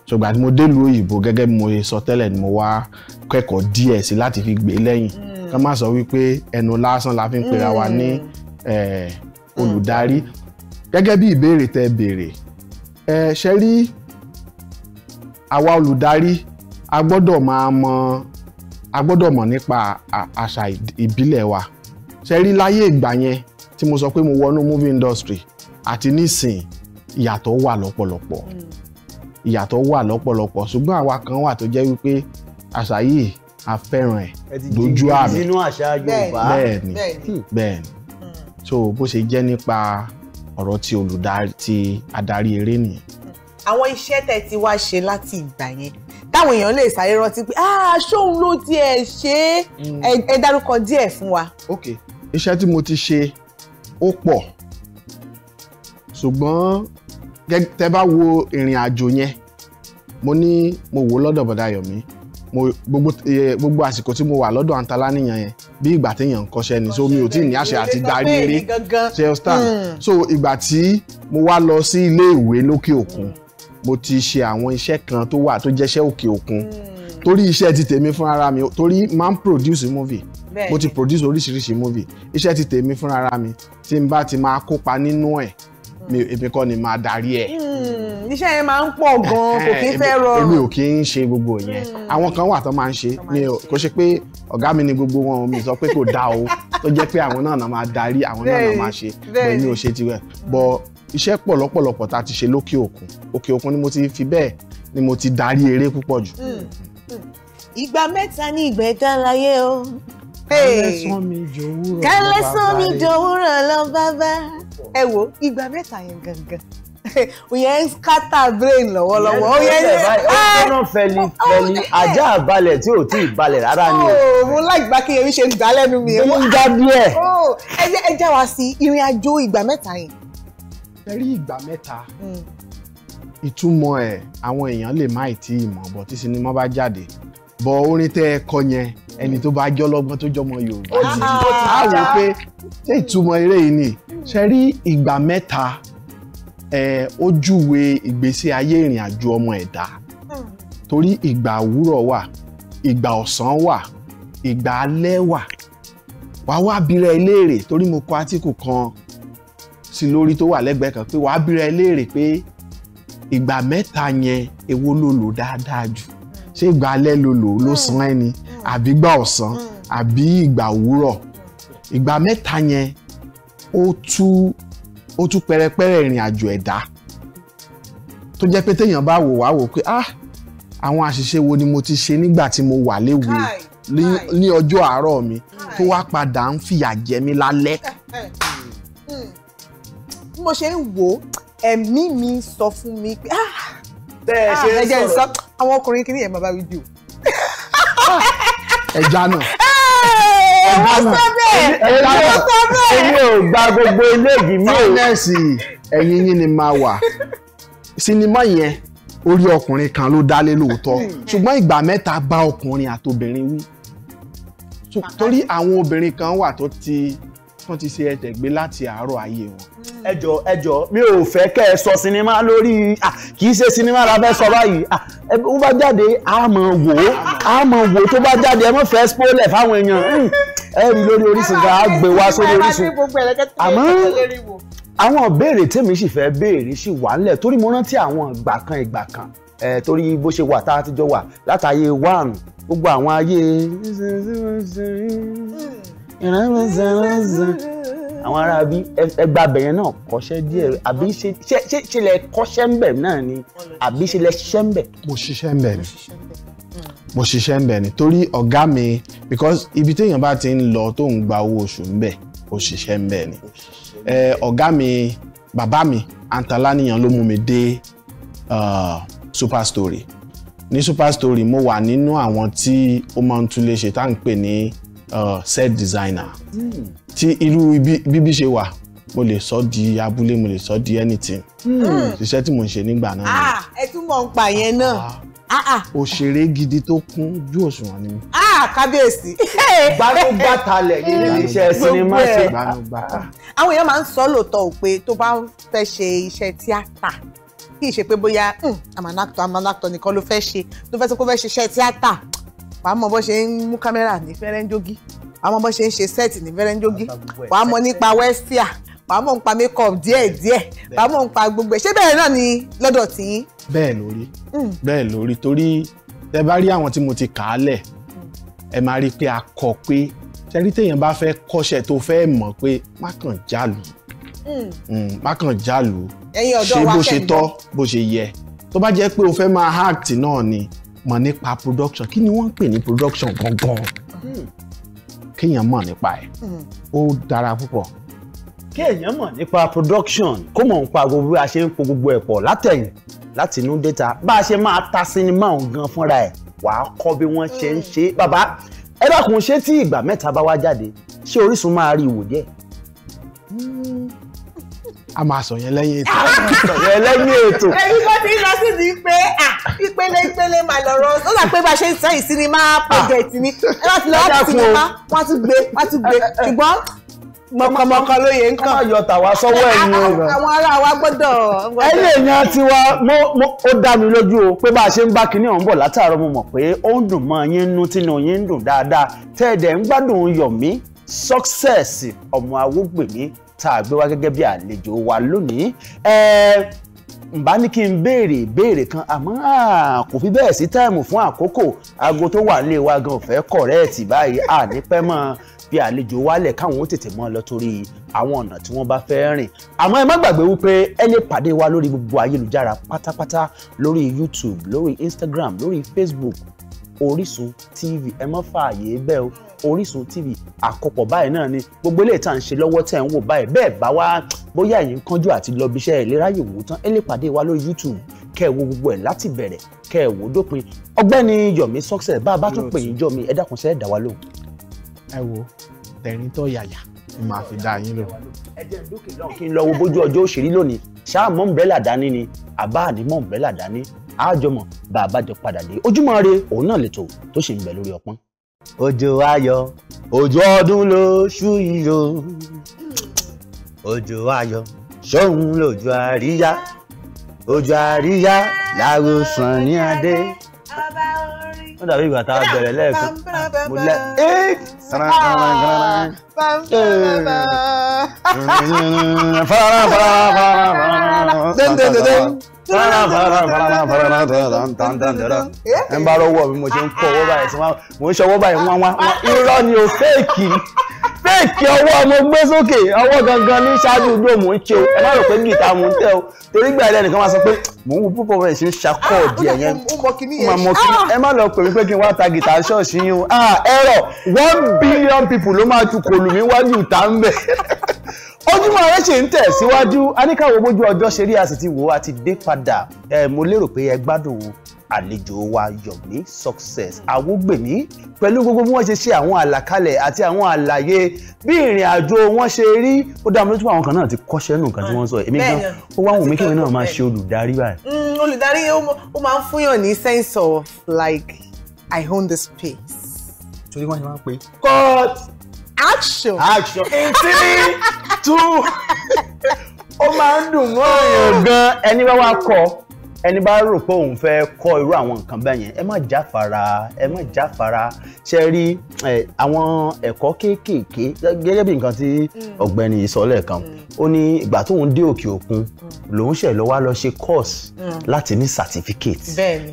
ṣùgbọ́n àti mo dé ìlú òyìnbó gẹ́gẹ́ bí mo sọ tẹ́lẹ̀ ni mo wá kẹ́kọ̀ọ́ díẹ̀ sí láti fi gbé lẹ́yìn hmm. ká má sọ wípé ẹnu lásán la fi ń pera wa ní hmm. Eh, olùdarí gẹ́gẹ́ bí ìbéèrè tẹ́ béèrè ẹ ṣe rí àwa olùdarí a gbọ́dọ̀ máa mọ a gbọ́dọ̀ mọ̀ nípa àṣà ìbílẹ̀ wa ṣe rí láyé ìgbà yẹn tí mo sọ pé mo wọnú movie industry àti nísìn ìyàtọ̀ wà lọ́pọ̀lọpọ̀ hmm. ìyàtọ̀ wà lọ́pọ̀lọpọ̀ ṣùgbọ́n àwa kan wà tó jẹ́ wípé àṣà yìí a fẹ́ràn ẹ̀ lójú àmì nínú
àṣà Yorùbá bẹ́ẹ̀ni
bẹ́ẹ̀ni hmm. Hmm. so bó ṣe jẹ́ nípa ọ̀rọ̀ ti olùdarí ti adarí eré nìyẹn.
àwọn iṣẹ́ tẹ̀ ti wá ṣe láti ìgbà yẹn táwọn èèyàn lè sáré rántí pé ah, ṣóun ló tiẹ̀ ṣe é mm. ẹ dárúkọ díẹ̀ fún wa.
ok iṣẹ́ tí mo ti ṣe ó pọ̀ ṣùgbọ́n tẹ́ bá wo ìrìn àjò yẹn mo ní mo wò lọ́dọ̀ bọ̀dá Yọ̀mí mo gbogbo e, gbogbo àsìkò tí mo wà lọ́dọ̀ Antaláníyàn yẹn bí ìgbà téèyàn ń kọ́ṣẹ́ ni so mi ò tí ì ní àṣẹ àti darí eré ṣe stand mm. so ìgbà tí mo wá lọ sí ilé ìwé lókè òkun. Mm mo ti ṣe àwọn iṣẹ́ kan tó wà tó jẹ́ṣẹ́ òkè òkun hmm. torí iṣẹ́ ti tèmi fún ara mi torí máa ń produce movie mo ti produce oríṣiríṣi movie iṣẹ́ ti tèmi fún ara mi tí n bá ti máa kópa nínú ẹ̀ hmm. èmi kọ́ ni máa darí ẹ̀.
Hmm. iṣẹ́ yẹn máa ń pọ̀ gan-an kò kí ń fẹ́ rọrùn. èmi
ò kí ń ṣe gbogbo yẹn àwọn kan wà tó máa ń ṣe kò ṣe pé ọ̀gá mi ni gbogbo wọn mi sọ pé kò dáa o tó jẹ́ pé àwọn náà máa darí àwọn náà máa ṣe èmi ò ṣe tiwẹ̀ bọ́ iṣẹ́ pọ̀ lọ́pọ̀lọpọ̀ tá a ti ṣe lókè òkun òkè òkun ni mo ti fi bẹ́ẹ̀ ni mo ti darí eré púpọ̀ jù. Hmm, hmm.
ìgbà mẹ́ta ni ìgbà ẹ̀dá láyé o. kálẹ́sán
mi jòwúrọ̀ lọ bàbá kálẹ́sán mi jòwúrọ̀
lọ bàbá. ẹ wo ìgbà mẹ́ta yẹn gangan òyìn ń scatter brain lọ́wọ́lọ́wọ́ òyìn ń ah!
ọ̀nà fẹ̀lì oh, fẹ̀lì oh, ajá àbalẹ̀ tí ò tí ì balẹ̀ rárá ni o. Oh,
mo láì gbá kí yẹmi ṣe ń dá mi. ó ń dá díẹ̀. ẹ jẹ́ wá sí ìrìn àjò ìgbà mẹ́ta yẹn
rí ìgbà mẹ́ta hmm. ìtumọ̀ ẹ̀ àwọn èèyàn lè má ì tí ì mọ̀ bọ̀ tí sinimá bá jáde bọ̀ orin tẹ́ ẹ kọ yẹn ẹni tó bá jọ lọ́gbọ́n tó jọmọ Yorùbá ni a wò pé ṣé ìtumọ̀ eré yìí ni ṣe rí ìgbà mẹ́ta ẹ̀ ó júwe ìgbésí ayé ìrìn àjò ọmọ ẹ̀dá hmm. torí ìgbà àwúrọ̀ wà ìgbà ọ̀sán wà ìgbà alẹ́ wà wàá wá bírẹ̀ iléèrè torí mo kọ átíkù kan sí lórí tó wà lẹ́gbẹ̀ẹ́ kan pé wàá bíra ẹ léèrè pé ìgbà mẹ́ta yẹn èwo ló lò dáadáa jù ṣé ìgbà alẹ́ ló lò ló hmm. sàn ẹ́ ni hmm. àbí ìgbà ọ̀sán hmm. àbí ìgbà òwúrọ̀ ìgbà mẹ́ta yẹn ó tú ó ìrìn àjò ẹ̀dá tó jẹ́ pé téèyàn bá wò wá wò pé ah àwọn àṣìṣe wo ni mo ti ṣe nígbà tí mo wà léwu ní ọjọ́ àárọ̀ mi tó wá padà ń fìyà jẹ mí lálẹ́ eh,
eh, bí mo ṣe ń wò ó ẹ̀mí mi sọ fún mi pé tẹ́ ah! ẹ ṣe ń ah, sọ̀rọ̀ àwọn ọkùnrin kìíní yẹn máa bá wí bí o.
ẹja náà ẹja náà ẹja náà èmi ò gba gbogbo eléyìí mi ò. fáínẹ́ẹ̀sì ẹ̀yìn yín ni máa wà sinimá yẹn orí ọkùnrin kan ló dálé lóòótọ́ hmm. ṣùgbọ́n ìgbà mẹ́ta bá ọkùnrin àtobìnrin wí torí àwọn obìnrin kan wà tó ti wọ́n ti ṣe ẹ̀tẹ̀ gbé láti àárọ̀ ayé wọn. Hmm. ẹjọ ẹjọ mi ò fẹ́ kẹ́ ẹ
sọ sinimá lórí kì í ṣe sinimá la fẹ́ sọ báyìí ó bá jáde a wò ó a wò ó tó bá jáde ẹ mọ̀ fẹ́ spólẹ̀ fáwọn èèyàn hmm. ẹ rí lórí Orísun ká gbé wá sórí Orísun àmọ́ àwọn ìbéèrè tèmi sì fẹ́ béèrè sì wà ńlẹ̀ torí mo rántí àwọn ìgbà kan ìgbà kan ẹ torí bó ṣe wà tá a ti jọ wà látàyè wàrùn gbogbo àwọn ayé hmm. Uh, àwọn ará bí ẹgbà bẹ̀yẹn náà kọ́ṣẹ́ díẹ̀ àbí ṣe lẹ kọ́ṣẹ́ ń bẹ̀ náà ni àbí ṣe lẹ ṣiṣẹ́ ń bẹ̀.
mo ṣiṣẹ́ ń bẹ̀ ni mo ṣiṣẹ́ ń bẹ̀ ni torí ọ̀gá mi because ibi téèyàn bá ti ń lọ tó ń gba owó oṣù ń bẹ̀ ó ṣiṣẹ́ ń bẹ̀ ni ọ̀gá mi bàbá mi Antalaniyan ló mú mi dé uh, super story ní super story mo wà nínú àwọn tí ó máa ń túlé ṣe tá à ń pè ní Uh, set designer tí irú bíbí ṣe wà mo lè sọ di abúlé mo lè sọ di anything hmm. iṣẹ́ ti mo ń ṣe nígbà náà. Ah, ẹ
tún mọ̀ ń pa yẹn
náà. Ah. Ah, òṣèré gidi tó kún ojú òṣùwọ̀n ni mi.
kábíyèsí.
gbanúgbà talẹ̀ yìí ní iṣẹ́ sinimá ṣe
gbanúgbà.
àwọn èèyàn máa ń sọ lóòótọ́ ò pé tó bá fẹ́ ṣe iṣẹ́ tíátà kì í ṣe pé bóyá àmàlàktọ̀ hmm, àmàlàktọ̀ nìkan ló fẹ́ ṣe tó fẹ́ sọ pé ó fẹ́ ṣiṣẹ́ tíátà wàá mọ bó ṣe ń mú kámẹ́rà ní fẹ́rẹ́ńjógí wàá mọ bó ṣe ń ṣe sẹ́ẹ̀tì ní fẹ́rẹ́ńjógí wàá mọ nípa wẹ́stíà wàá mọ̀ nípa makeup díẹ̀ díẹ̀ wàá mọ̀ nípa gbogbo ẹ̀ ṣé bẹ́ẹ̀ náà ni lọ́dọ̀ tí yín.
bẹ́ẹ̀ lórí hmm. bẹ́ẹ̀ lórí torí tẹ bá rí àwọn tí mo ti kà á lẹ̀ ẹ máa rí i pé a kọ pé ṣẹ́rí téèyàn bá fẹ́ kọ́ṣẹ́ tó fẹ́ mọ̀ pé má kàn jálù hmm. Hmm, má kàn jálù ṣe bó ṣe tọ́ bó ṣe yẹ tó bá jẹ́ pé o fẹ́ máa act náà ni mọ̀ nípa production kí ni wọ́n ń pè ní production gangan hmm. kéèyàn mọ̀ nípa ẹ̀ hmm. ó dára púpọ̀.
kéèyàn mọ̀ nípa production kó mọ̀ nípa gbogbo bí a ṣe ń po gbogbo ẹ̀ pọ̀ látẹ̀yìn láti inú déta bá a ṣe máa ta sinimá òun gan fúnra ẹ̀ wàá kọ́ bí wọ́n ṣe ń ṣe bàbá ẹ dákun ṣé tí ìgbà mẹ́ta bá wá jáde ṣé Orísun
máa rí ìwò díẹ̀ a máa sọ yẹn lẹ́yìn ètò. a máa sọ yẹn lẹ́yìn ètò. ẹni
bó ti lọ sí ni pé à ìpele ìpele mà lọ́rọ̀ ó dà pé bá a ṣe ń sọ yìí sinimá project ni ẹ bá ti lọ ọ́ sinimá wọ́n á tún gbé wọ́n á tún gbé ṣùgbọ́n
mọ̀kànmọ̀kà ló yẹ nǹkan. ọmọ yọta wa sọ́wọ́ ẹ̀yin o. àwọn
ará wa gbọ́dọ̀. ẹ̀yin èèyàn tiwa
ó dá mi lójú o pé bá a ṣe ń bá kinní ọ̀hún bọ̀ látàárọ̀ mo mọ̀ pé ó ń dùn mọ́ yín nú tínú yín ń dùn dáadáa tẹ́ ẹ̀ dẹ̀ ń gbádùn yọ̀mí success ọmọ awógbèmí tá a gbé wá gẹ́gẹ́ bí àlejò wa lónìí ǹbá ní kí n béèrè ìbéèrè kan àmọ́ kò fi bẹ́ẹ̀ sí táìmù fún àkókò aago tó wà nílé wa gan fẹ́ kọ̀rẹ́ẹ̀tì báyìí ànípẹ́ mọ́ bí àlejò wálẹ̀ káwọn ó tètè mọ́ lọ torí àwọn ọ̀nà tí wọ́n bá fẹ́ rìn àmọ́ ẹ má gbàgbé wípé ẹ lè pàdé wa lórí gbogbo ayélujára pátápátá lórí YouTube lórí Instagram lórí Facebook Orísun TV ẹ má fààyè bẹ́ẹ̀ o Orísun TV àkọ́pọ̀ báyìí náà ni gbogbo ilé ìta ń ṣe lọ́wọ́ tẹ̀ ń wò báyìí bẹ́ẹ̀ bá wá bóyá yìí ń kánjú àti lọ bí iṣẹ́ ìlera yìí wò tán ẹ wa lórí YouTube kẹ́ ẹ wo gbogbo ẹ̀ láti bẹ̀rẹ̀ kẹ́ ẹ wò dópin ọ̀gbẹ́ni Yomi Success bá a bá tún pè yín jọ mi ẹ dákun sẹ ẹ dá wa lóhùn. ẹ wo tẹ̀rín tó yàyà ni màá fi dá yín lò. ẹ jẹ́ dókè náà kí n lọ wo bójú ọjọ́ òṣèré lónìí ṣáà mọ́ ǹbẹ́là dání ni àjọmọ̀ bá a bá jọ padà dé ojúmọ́ re òun náà lè tò tó sì ń bẹ lórí ọpọ́n. òjò ayọ̀ òjò ọdún lóṣù yìí o òjò ayọ̀ ṣóun lòjò àríyá òjò àríyá láròsàn ní adé ó dàbí ìgbà tá a bẹ̀rẹ̀ lẹ́ẹ̀kan mo lẹ fara fara fara fara ẹ ń bá rọwọ́ mi mo ṣe ń kọ́ ọwọ́ báyìí mo ń ṣọwọ́ báyìí wọ́n wá irọ́ ni o fẹ́ẹ̀kì fẹ́ẹ̀kì ọwọ́ mo gbé sókè ọwọ́ gangan ní ṣáájú igbó mò ń ṣe o ẹ má rò pé gìtá mò ń tẹ o torí gbà ilé nìkan máa sọ pé mò ń wo púpọ̀ bẹ́ẹ̀ ṣe ń ṣakọ́ọ̀dì ẹ̀ yẹn ẹ má lọ pè mí pé kí n wá ta gìtá ṣọ́ọ̀ṣì yín o ẹ̀rọ one billion people ló máa tu kòlù mi wájú ìta ń bẹ̀ ojúmọ́ ire ṣe ń tẹ̀síwájú aníkàwọ bójú ọjọ́ ṣe rí a sì ti wò a ti dé padà ẹ mo lérò pé ẹ gbádùn àlejò wa Yomi Success Awógbèmí pẹ̀lú gbogbo bí wọ́n ṣe ṣe àwọn àlàkalẹ̀ àti àwọn àlàyé bí ìrìn àjò wọn ṣe rí ó dá mi lójú pé àwọn kan náà ti kọ́ṣẹ́ nù nǹkan tí wọ́n sọ èmi gan ó wá wù mí kéwìn náà máa ṣe olùdarí báyìí.
Mm, olùdarí ó máa ń fúnyàn ní sense of like I own this space. torí wọ́n ṣe máa ń pè. cut action. action.
ìtìlí tú ó máa ń dùn mọ́ èèyàn gan ẹni wá wá kọ ẹni bá rò pé òun fẹ́ kọ́ irú àwọn nǹkan bẹ́ẹ̀ yẹn ẹ má jáfara ẹ má jáfara ṣe rí àwọn ẹ̀kọ́ kéékèèké gẹ́gẹ́ bí nǹkan tí mm. ọ̀gbẹ́ni yìí sọ lẹ́ẹ̀kan mm. ó ní ìgbà tóun dé òkè òkun mm. lòun ṣẹ̀ lọ lọ ṣe course láti ní certificate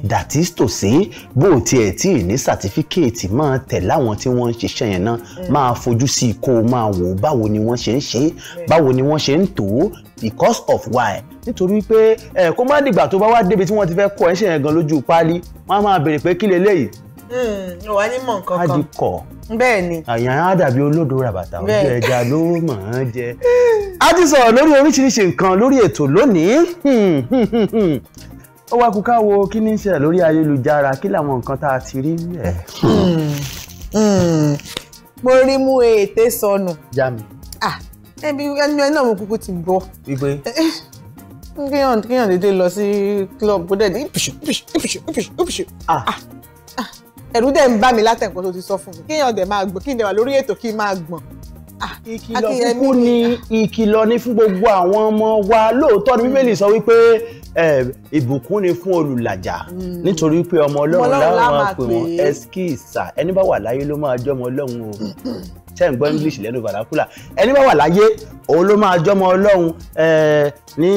that is to say bó o tiẹ̀ tí ì ní certificate máa tẹ̀lé àwọn tí wọ́n ń ṣiṣẹ́ yẹn náà máa fojú sí i kó o máa wò báwo ni wọ́n ṣe ń ṣe báwo ni wọ́n ṣe ń tò ó because of why nítorí pé ẹ kó má dìgbà tó bá wá débi tí wọ́n ti fẹ́ kọ́ ẹ ṣe yẹn gan lójú páálí wọ́n á máa béèrè pé kí leléyìí.
Hmm, wà á ní mọ̀ nǹkan kan á di kọ̀ bẹ́ẹ̀ ni
àyàn á dàbí olódò ràbàtà ojú ẹja ló mọ̀ ọ́n jẹ. Hmm. a ti sọ̀rọ̀ lórí oríṣiríṣi nǹkan lórí ètò lónìí hmm, ó wá kú ká wo kí ní í ṣẹlẹ̀ lórí ayélujára kí làwọn nǹkan tá a ti rí rẹ̀. mo rí mú ètè sọnù. já
ah ẹbí ẹni náà mo kúkú ti gbọ́. wípé. kíyàn kíyàn dédé lọ sí club kó dẹ̀ ní pìṣù pìṣù pìṣù pìṣù pìṣù. Ah. Ah. Ah. ẹ̀rù dẹ̀ ń bá mi látẹ̀kọ́ tó ti sọ fún mi kíyàn dẹ̀ máa gbọ́n kí n dẹ̀ wà lórí ètò kí n máa gbọ̀n ìkìlọ̀ kúkú
ni ìkìlọ̀ ni fún gbogbo àwọn ọmọ wa lóòótọ́ ni bíbélì sọ wípé ìbùkún ni fún olùlàjà hmm. nítorí pé ọmọ ọlọ́run láwọn máa pè wọ́n ẹskíìsà ẹni bá wà láyé ló máa jẹ́ ọmọ ọlọ́run o hmm tẹ́ ń gbọ́ english lẹ́nu vernacular ẹni bá wà láyé òun ló máa jọmọ ọlọ́run ní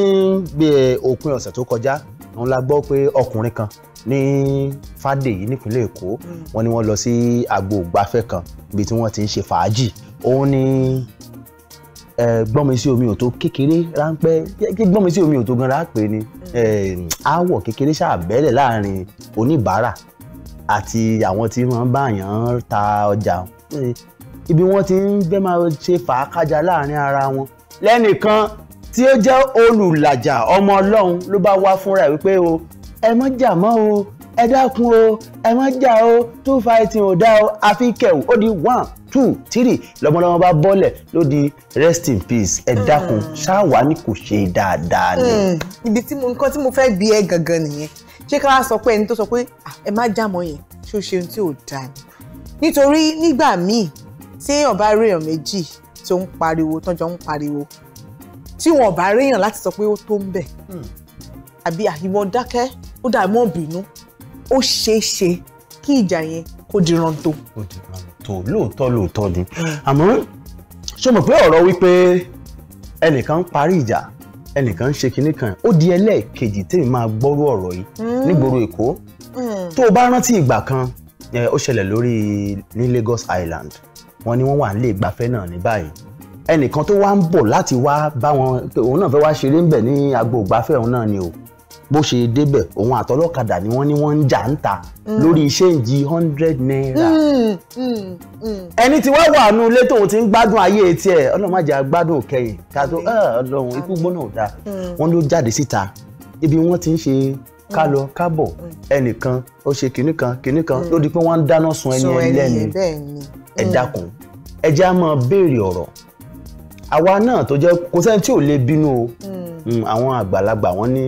òpin ọ̀sẹ̀ tó kọjá òun la gbọ́ pé ọkùnrin kan ní fàdèyí nípínlẹ̀ èkó hmm. wọ́n ni wọ́n lọ sí agbo ìgbafẹ́ kan ibi tí wọ́n ti ń ṣe fàájì òun ni gbọ́nmi sí omi òtó kékeré ráńpẹ́ gbọ́nmi sí omi òtó gan ráńpẹ́ ni aáwọ̀ hmm. kékeré ṣàbẹ́lẹ̀ láàrin oníbàárà àti àwọn tí wọ́n bá yàn án ta ọjà ibi wọ́n ti ń fẹ́ máa ṣe fàákájà láàrin ara wọn lẹ́nìkan tí ó jẹ́ olùlàjà ọmọ ọlọ́run ló bá wá fúnra ẹ̀ wípé o ẹ mọ́ jà mọ́ o ẹ dákun o ẹ mọ́ jà o two fighting ò dá o àfi kẹ̀wò ó di one two three lọ́mọlọ́mọ bá bọ́lẹ̀ ló di rest in peace ẹ dákun mm. ṣáwa ni kò ṣe dáadáa ni. Mm. ibi tí mo nǹkan tí mo fẹ́ bi ẹ gangan nìyẹn
ṣé ká wá sọ pé ẹni tó sọ pé ẹ má jà mọ́ yẹn ṣé o ṣe ohun tí ò dáa nítorí nígbà míì tí èèyàn bá réèyàn méjì tó ń pariwo tó ń jọ ń pariwo tí wọn ò bá réèyàn láti sọ pé ó tó ń bẹ̀ hmm. àbí àìmọ̀ dákẹ́ ó dà mọ́ bínú ó ṣeé ṣe kí ìjà yẹn
kó dìran tó. kó dìran tó lóòótọ́ lóòótọ́ ni hmm. àmọ́ ṣé mo pé ọ̀rọ̀ wípé ẹnìkan ń parí ìjà ẹnìkan ń ṣe kinní kan ó di ẹlẹ́ẹ̀kejì tèmi máa gbọ́rú ọ̀rọ̀ yìí hmm. nígboro èkó tó o bá rántí ìgbà kan ó ṣẹlẹ̀ lórí ní Lagos Island wọ́n ní wọ́n wà nílé ìgbafẹ́ náà ní báyìí ẹnìkan tó wá ń bọ̀ láti wá bá wọn pé òun náà fẹ́ wá ṣeré ńbẹ̀ ní agbo ìgbafẹ́ òun náà ni o bó ṣe débẹ̀ òun àtọlọ́kadà ni wọ́n ní wọ́n ń jà ń ta mm. lórí iṣẹ́ ìjì hundred naira
mm, mm,
ẹni tí wá wà nù ilé tóun ti ń gbádùn ayé tiẹ̀ ọlọ́run má jẹ́ agbádùn kẹyìn ká tó ah, ọlọ́run ikú gbóná ò dáa wọ́n ló jáde síta ibi wọ́n ti ń ṣe ká lọ kábọ̀ ẹnìkan ó ṣe kìnnìkan kìnnìkan ló di pé wọ́n ń dáná sun ẹni ẹni lẹ́nu ẹ dákun ẹ jẹ́ á máa béèrè ọ̀rọ̀ àwa náà tó jẹ́ kò sẹ́ni tí ò lè bínú o hmm. Hmm, àwọn àgbàlagbà wọn ní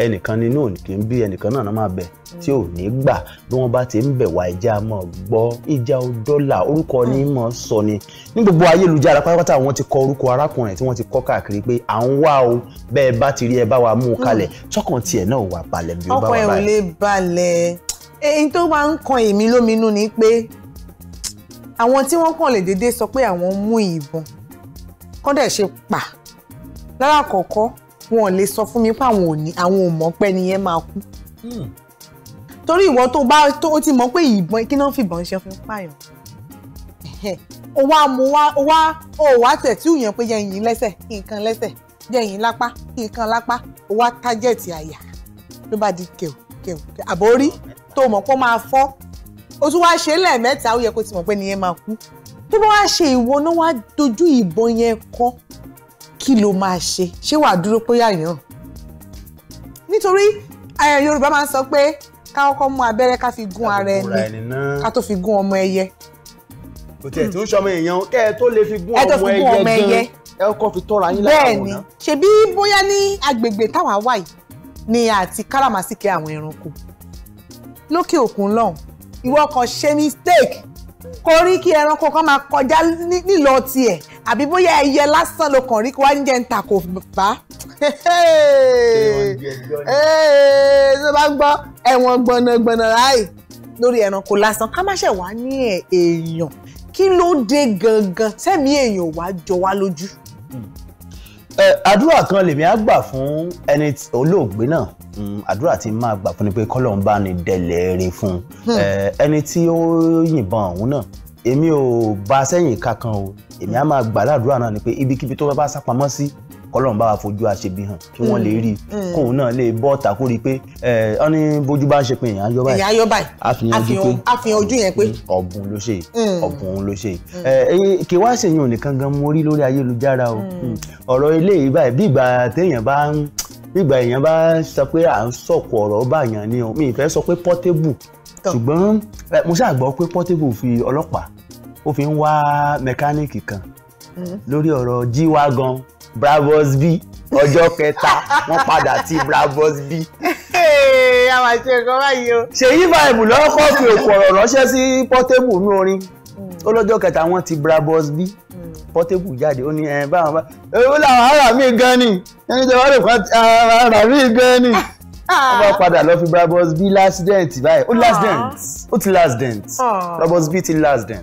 ẹnìkan nínú kì í bí ẹnìkan náà máa bẹ̀ hmm. tí ò ní gbà bí wọ́n bá ti ń bẹ̀ wá ìjà máa gbọ́ ìjà dọ́là orúkọ ní mọ̀ sọ ni ní gbogbo ayélujára pátápátá wọ́n ti kọ orúkọ arákùnrin tí wọ́n ti kọ káàkiri pé à ń wá o bẹ́ẹ̀ bá ti rí ẹ bá wa mú un kalẹ̀ tọkàn tiẹ̀ náà wà balẹ̀ bí ó bá wà báyìí. ọkọ ẹ ò lè
balẹ̀ èyí tó máa ń kan èmi lóminú ni pé àwọn tí wọ́n kàn lè déédéé sọ pé àwọn mú ìbọn kọ́ dẹ̀ ṣe pà lára kọ̀ọ̀kọ́ wọn ò lè sọ fún mi pé àwọn ò ní àwọn ò mọ̀ pé nìyẹn máa kú hmm. torí ìwọ tó bá tó ti mọ̀ pé ìbọn kí náà fìbọn ṣe fún pààyàn ó wá mo wá ó wá ó wá tẹ̀tú yẹn pé yẹn yìn lẹ́sẹ̀ nǹkan lẹ́sẹ̀ yẹn yìn lápá nǹkan lápá ó wá tájẹ̀tì àyà ló bá di kẹ̀ù kẹ̀ù àbórí tó mọ̀ pé ó máa fọ́ ó tún wá ṣe lẹ́ẹ̀mẹ́ta ó yẹ kó ti mọ̀ pé nìyẹn máa kú tó bá wá ṣe ìwọ náà wá dojú ìbọn yẹn kọ kí ló máa ṣe ṣé wàá dúró pé yàyàn nítorí Yorùbá máa ń sọ pé ká kọ́kọ́ mú abẹ́rẹ́ ká fi gún ara ẹni ká tó fi gún ọmọ ẹyẹ.
kò tiẹ̀ tí ó ṣọmọ èèyàn kẹ́ ẹ tó lè fi gún ọmọ ẹyẹ gan ẹ kọ́ fi tọ́ra yín lára wọn náà.
ṣebí bóyá ní agbègbè táwa wà yìí ni àti káràmásìkè àwọn ẹranko lókè òkun lọ́hùn ìwọ kan ṣe mistake kò rí kí ẹranko kan máa kọjá nílò tiẹ̀ àbí bóyá ẹyẹ lásán ló kàn rí kí wá ní jẹ́ ń ta kò bá. ṣé bá ń gbọ́ ẹ̀wọ̀n gbọ̀nàgbọ̀nà láì lórí ẹranko lásán ká má ṣe wá ní èèyàn kí ló dé gangan sẹ́mi èèyàn wá jọ wá lójú
àdúrà kan lèmi á gbà fún ẹni olóògbé náà hmm, àdúrà ti máa gbà fún ni pé kọ́lọ́n bá ní dẹ̀lẹ̀ rè fún hmm. ẹni tí ó yìnbọn ọ̀hún náà èmi ò bá sẹ́yìn kankan o èmi á máa gbà ládùúrà náà ni pé ibikíbi tó bá sá pamọ́ sí kọ́lọ́run bá wa fojú aṣebi hàn kí wọ́n lè mm, rí i mm. kóun náà lè bọ́ ta kó rí i pé ẹ ọ ní bójú bá ń ṣe pé èèyàn yọ báyìí èèyàn yọ báyìí àfihàn ojú yẹn pé mm, ọ̀bùn ló ṣe ọ̀bùn ló ṣe kí wá ṣèyàn nìkan gan mo rí lórí ayélujára o ọ̀rọ̀ eléyìí báyìí bí ìgbà téèyàn bá ń bí ìgbà èèyàn bá sọ pé à ń sọ̀kò ọ̀rọ̀ báyàn ni o mi ì fẹ́ sọ pé portable ṣùgbọ́n mo ṣáà gbọ́ pé portable fi ọlọ́pàá ó fi ń wá mẹkáníìkì kan lórí ọ̀rọ̀ G-Wagon bravos b ọjọ́ kẹta wọ́n padà ti bravos b.
àwọn àti ẹ̀kọ́ báyìí o. ṣèyí báyìí lọ́kọ́ fi òkú ọ̀rọ̀
ránṣẹ́ sí pọ́tébù nú orin hmm. ó kẹta wọ́n ti bravos b hmm. pọ́tébù jáde ó ní ẹ báwọn bá ewu làwọn ará mi gan ni ẹni tí wọ́n lè fa ará mi gan ni
ah. wọ́n bá padà
lọ fi bravos b last dance báyìí ó last ah. dance ó ti last dance ah. bravos b ti last dance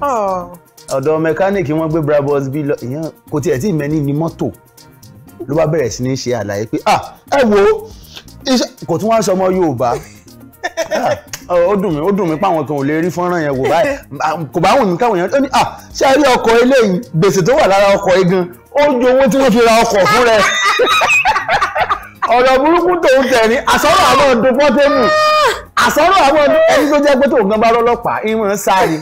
ọ̀dọ̀ mẹkáníìkì wọ́n gbé brabus bí lọ ìyẹn kò tiẹ̀ tí mẹ́ni ní mọ́tò ló bá bẹ̀rẹ̀ sí ní ṣe àlàyé pé ah ẹ wo kò tún wá sọmọ Yorùbá ah, ó dùn mí ó dùn mí páwọn kan ò lè rí fọ́nrán yẹn wò báyìí ah, kò bá wùn mí káwọn èèyàn tó ní ah ṣé a rí ọkọ̀ eléyìí gbèsè tó wà lára ọkọ̀ yìí gan ó ju owó tí wọ́n fi ra ọkọ̀ fún rẹ ọ̀rọ̀ burúkú tòun tẹ̀ ní àsọ̀rọ̀ àwọn ọdún pọ́tẹ́mù àsọ̀rọ̀ àwọn ọdún ẹni tó jẹ́ pé tòun gan bá rọ́lọ́pàá ìmọ̀ ń sáré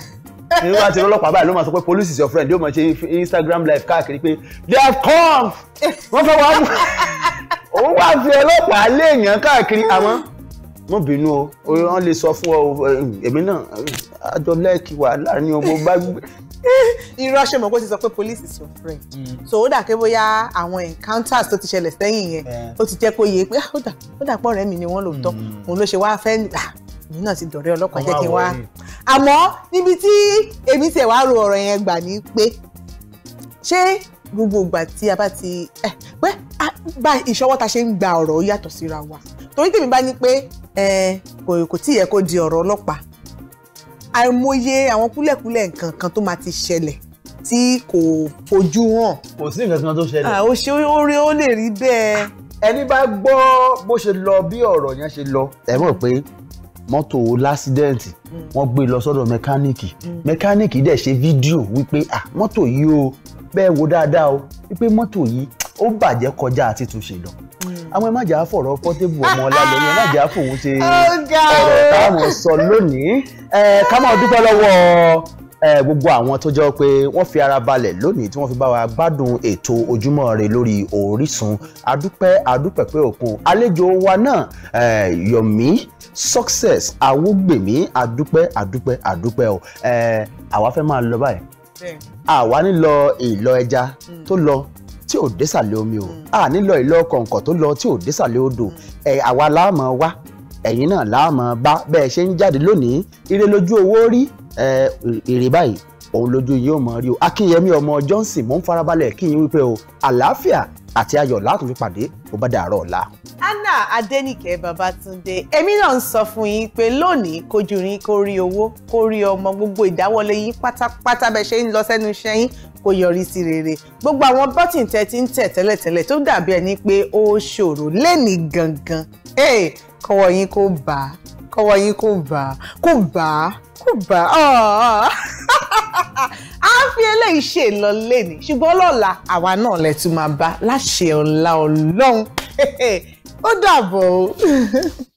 ní wọ́n ti rọ́lọ́pàá báyìí ló máa sọ pé police is your friend yóò máa ṣe Instagram live káàkiri pé they have come wọ́n fẹ́ wá mú òun wá fi ọlọ́pàá léèyàn káàkiri àmọ́ mo bínú o wọ́n lè sọ fún ọ èmi náà àjọ lẹ́ẹ̀kì wà láàrin ọmọ bá gbé.
irọ́ mọ̀ pé ó ti sọ pé police is your friend so ó dà pé bóyá àwọn encounters tó ti ṣẹlẹ̀ sẹ́yìn yẹn mm. ó ti jẹ́ kó yẹ pé ah, ó dà pọ̀ rẹ́mi ni wọ́n lòótọ́ mm. òun ló ṣe wá fẹ́ ah, èmi náà ti dọ̀rẹ́ ọlọ́pàá jẹ́ kí n wá àmọ́ níbi tí èmi tiẹ̀ wá ro ọ̀rọ̀ yẹn gbà ní pé ṣé gbogbo ìgbà tí a bá ti ẹ pé bá ìṣọwọ́ ta ṣe ń gba ọ̀rọ̀ yàtọ̀ síra wa torí tèmi bá ní pé kò tí yẹ kó di ọ̀rọ̀ ọlọ́pàá àìmọye àwọn kúlẹ̀kúlẹ̀ nǹkan kan tó máa ti ṣẹlẹ̀ tí kò fojú hàn.
kò sí nǹkan tó ṣẹlẹ̀. ó ṣe oore ó lè rí bẹ́ẹ̀. ẹni bá gbọ́ bó ṣe lọ bí ọ̀rọ̀ yẹn ṣe lọ ẹ mọ̀ pé mọ́tò lásídẹ̀ǹtì mm. wọ́n gbé e lọ sọ́dọ̀ mẹkáníìkì mm. mẹkáníìkì dẹ̀ ṣe fídíò wípé ah mọ́tò yìí o bẹ́ẹ̀ wo dáadáa o wípé mọ́tò yìí ó bàjẹ́ kọjá àti túnṣe lọ mm. àwọn ẹ má jà á fọ̀rọ̀ pọ́tébù ọmọ ọlálẹ́yìn ẹ má jà á fòun ṣe ọ̀rọ̀ táwọn sọ lónìí ká máa dúpẹ́ lọ́wọ́ gbogbo àwọn tó jẹ́ pé wọ́n fi ara balẹ̀ lónìí tí wọ́n fi bá wa gbádùn ètò ojúmọ́ rẹ lórí Orísun adúpẹ́ adúpẹ́ pé òkun àlejò wa náà Yomi Success Awógbèmí adúpẹ́ adúpẹ́ adúpẹ́ o àwa fẹ́ máa lọ báyìí àwa nílọ ìlọ ẹja mm. tó lọ tí ò désàlẹ̀ omi o mm. a nílọ ìlọ kọ̀ǹkọ̀ tó lọ tí ò désàlẹ̀ odò àwa láàmú wá ẹ̀yin náà láàmú bá bẹ́ẹ̀ ṣe ń jáde lónìí ire lójú owó rí èrè báyìí òun lójú yìí ò mọ rí o akínyẹmí ọmọ johnson mò ń farabalẹ̀ kíyìn wípé o àlàáfíà àti ayọ̀ látún fi pàdé bó bá dàárọ̀ ọ̀la.
anna adẹnìkẹ́ babatunde èmi náà ń sọ fún yín pé lónìí kojú yín kó rí owó kó rí ọmọ gbogbo ìdáwọ́lé yín pátápátá bẹ ṣe ń lọ sẹ́nu iṣẹ́ yín kó yọrí sí rere gbogbo àwọn bọ́tìn tẹ́ ti ń tẹ̀ tẹ́lẹ̀tẹ́lẹ̀ tó dàbí ẹni pé ó ṣòro lẹ́nìí gangan kọ́wọ́ yín kó bàá kọ́wọ́ yín kò bá kò bá kò bá ah! a fi eléyìí ṣe lọ lẹ́ni ṣùgbọ́n lọ́la àwa náà lè tún máa bá láṣẹ ọ̀la ọlọ́run ó dàbọ̀ o.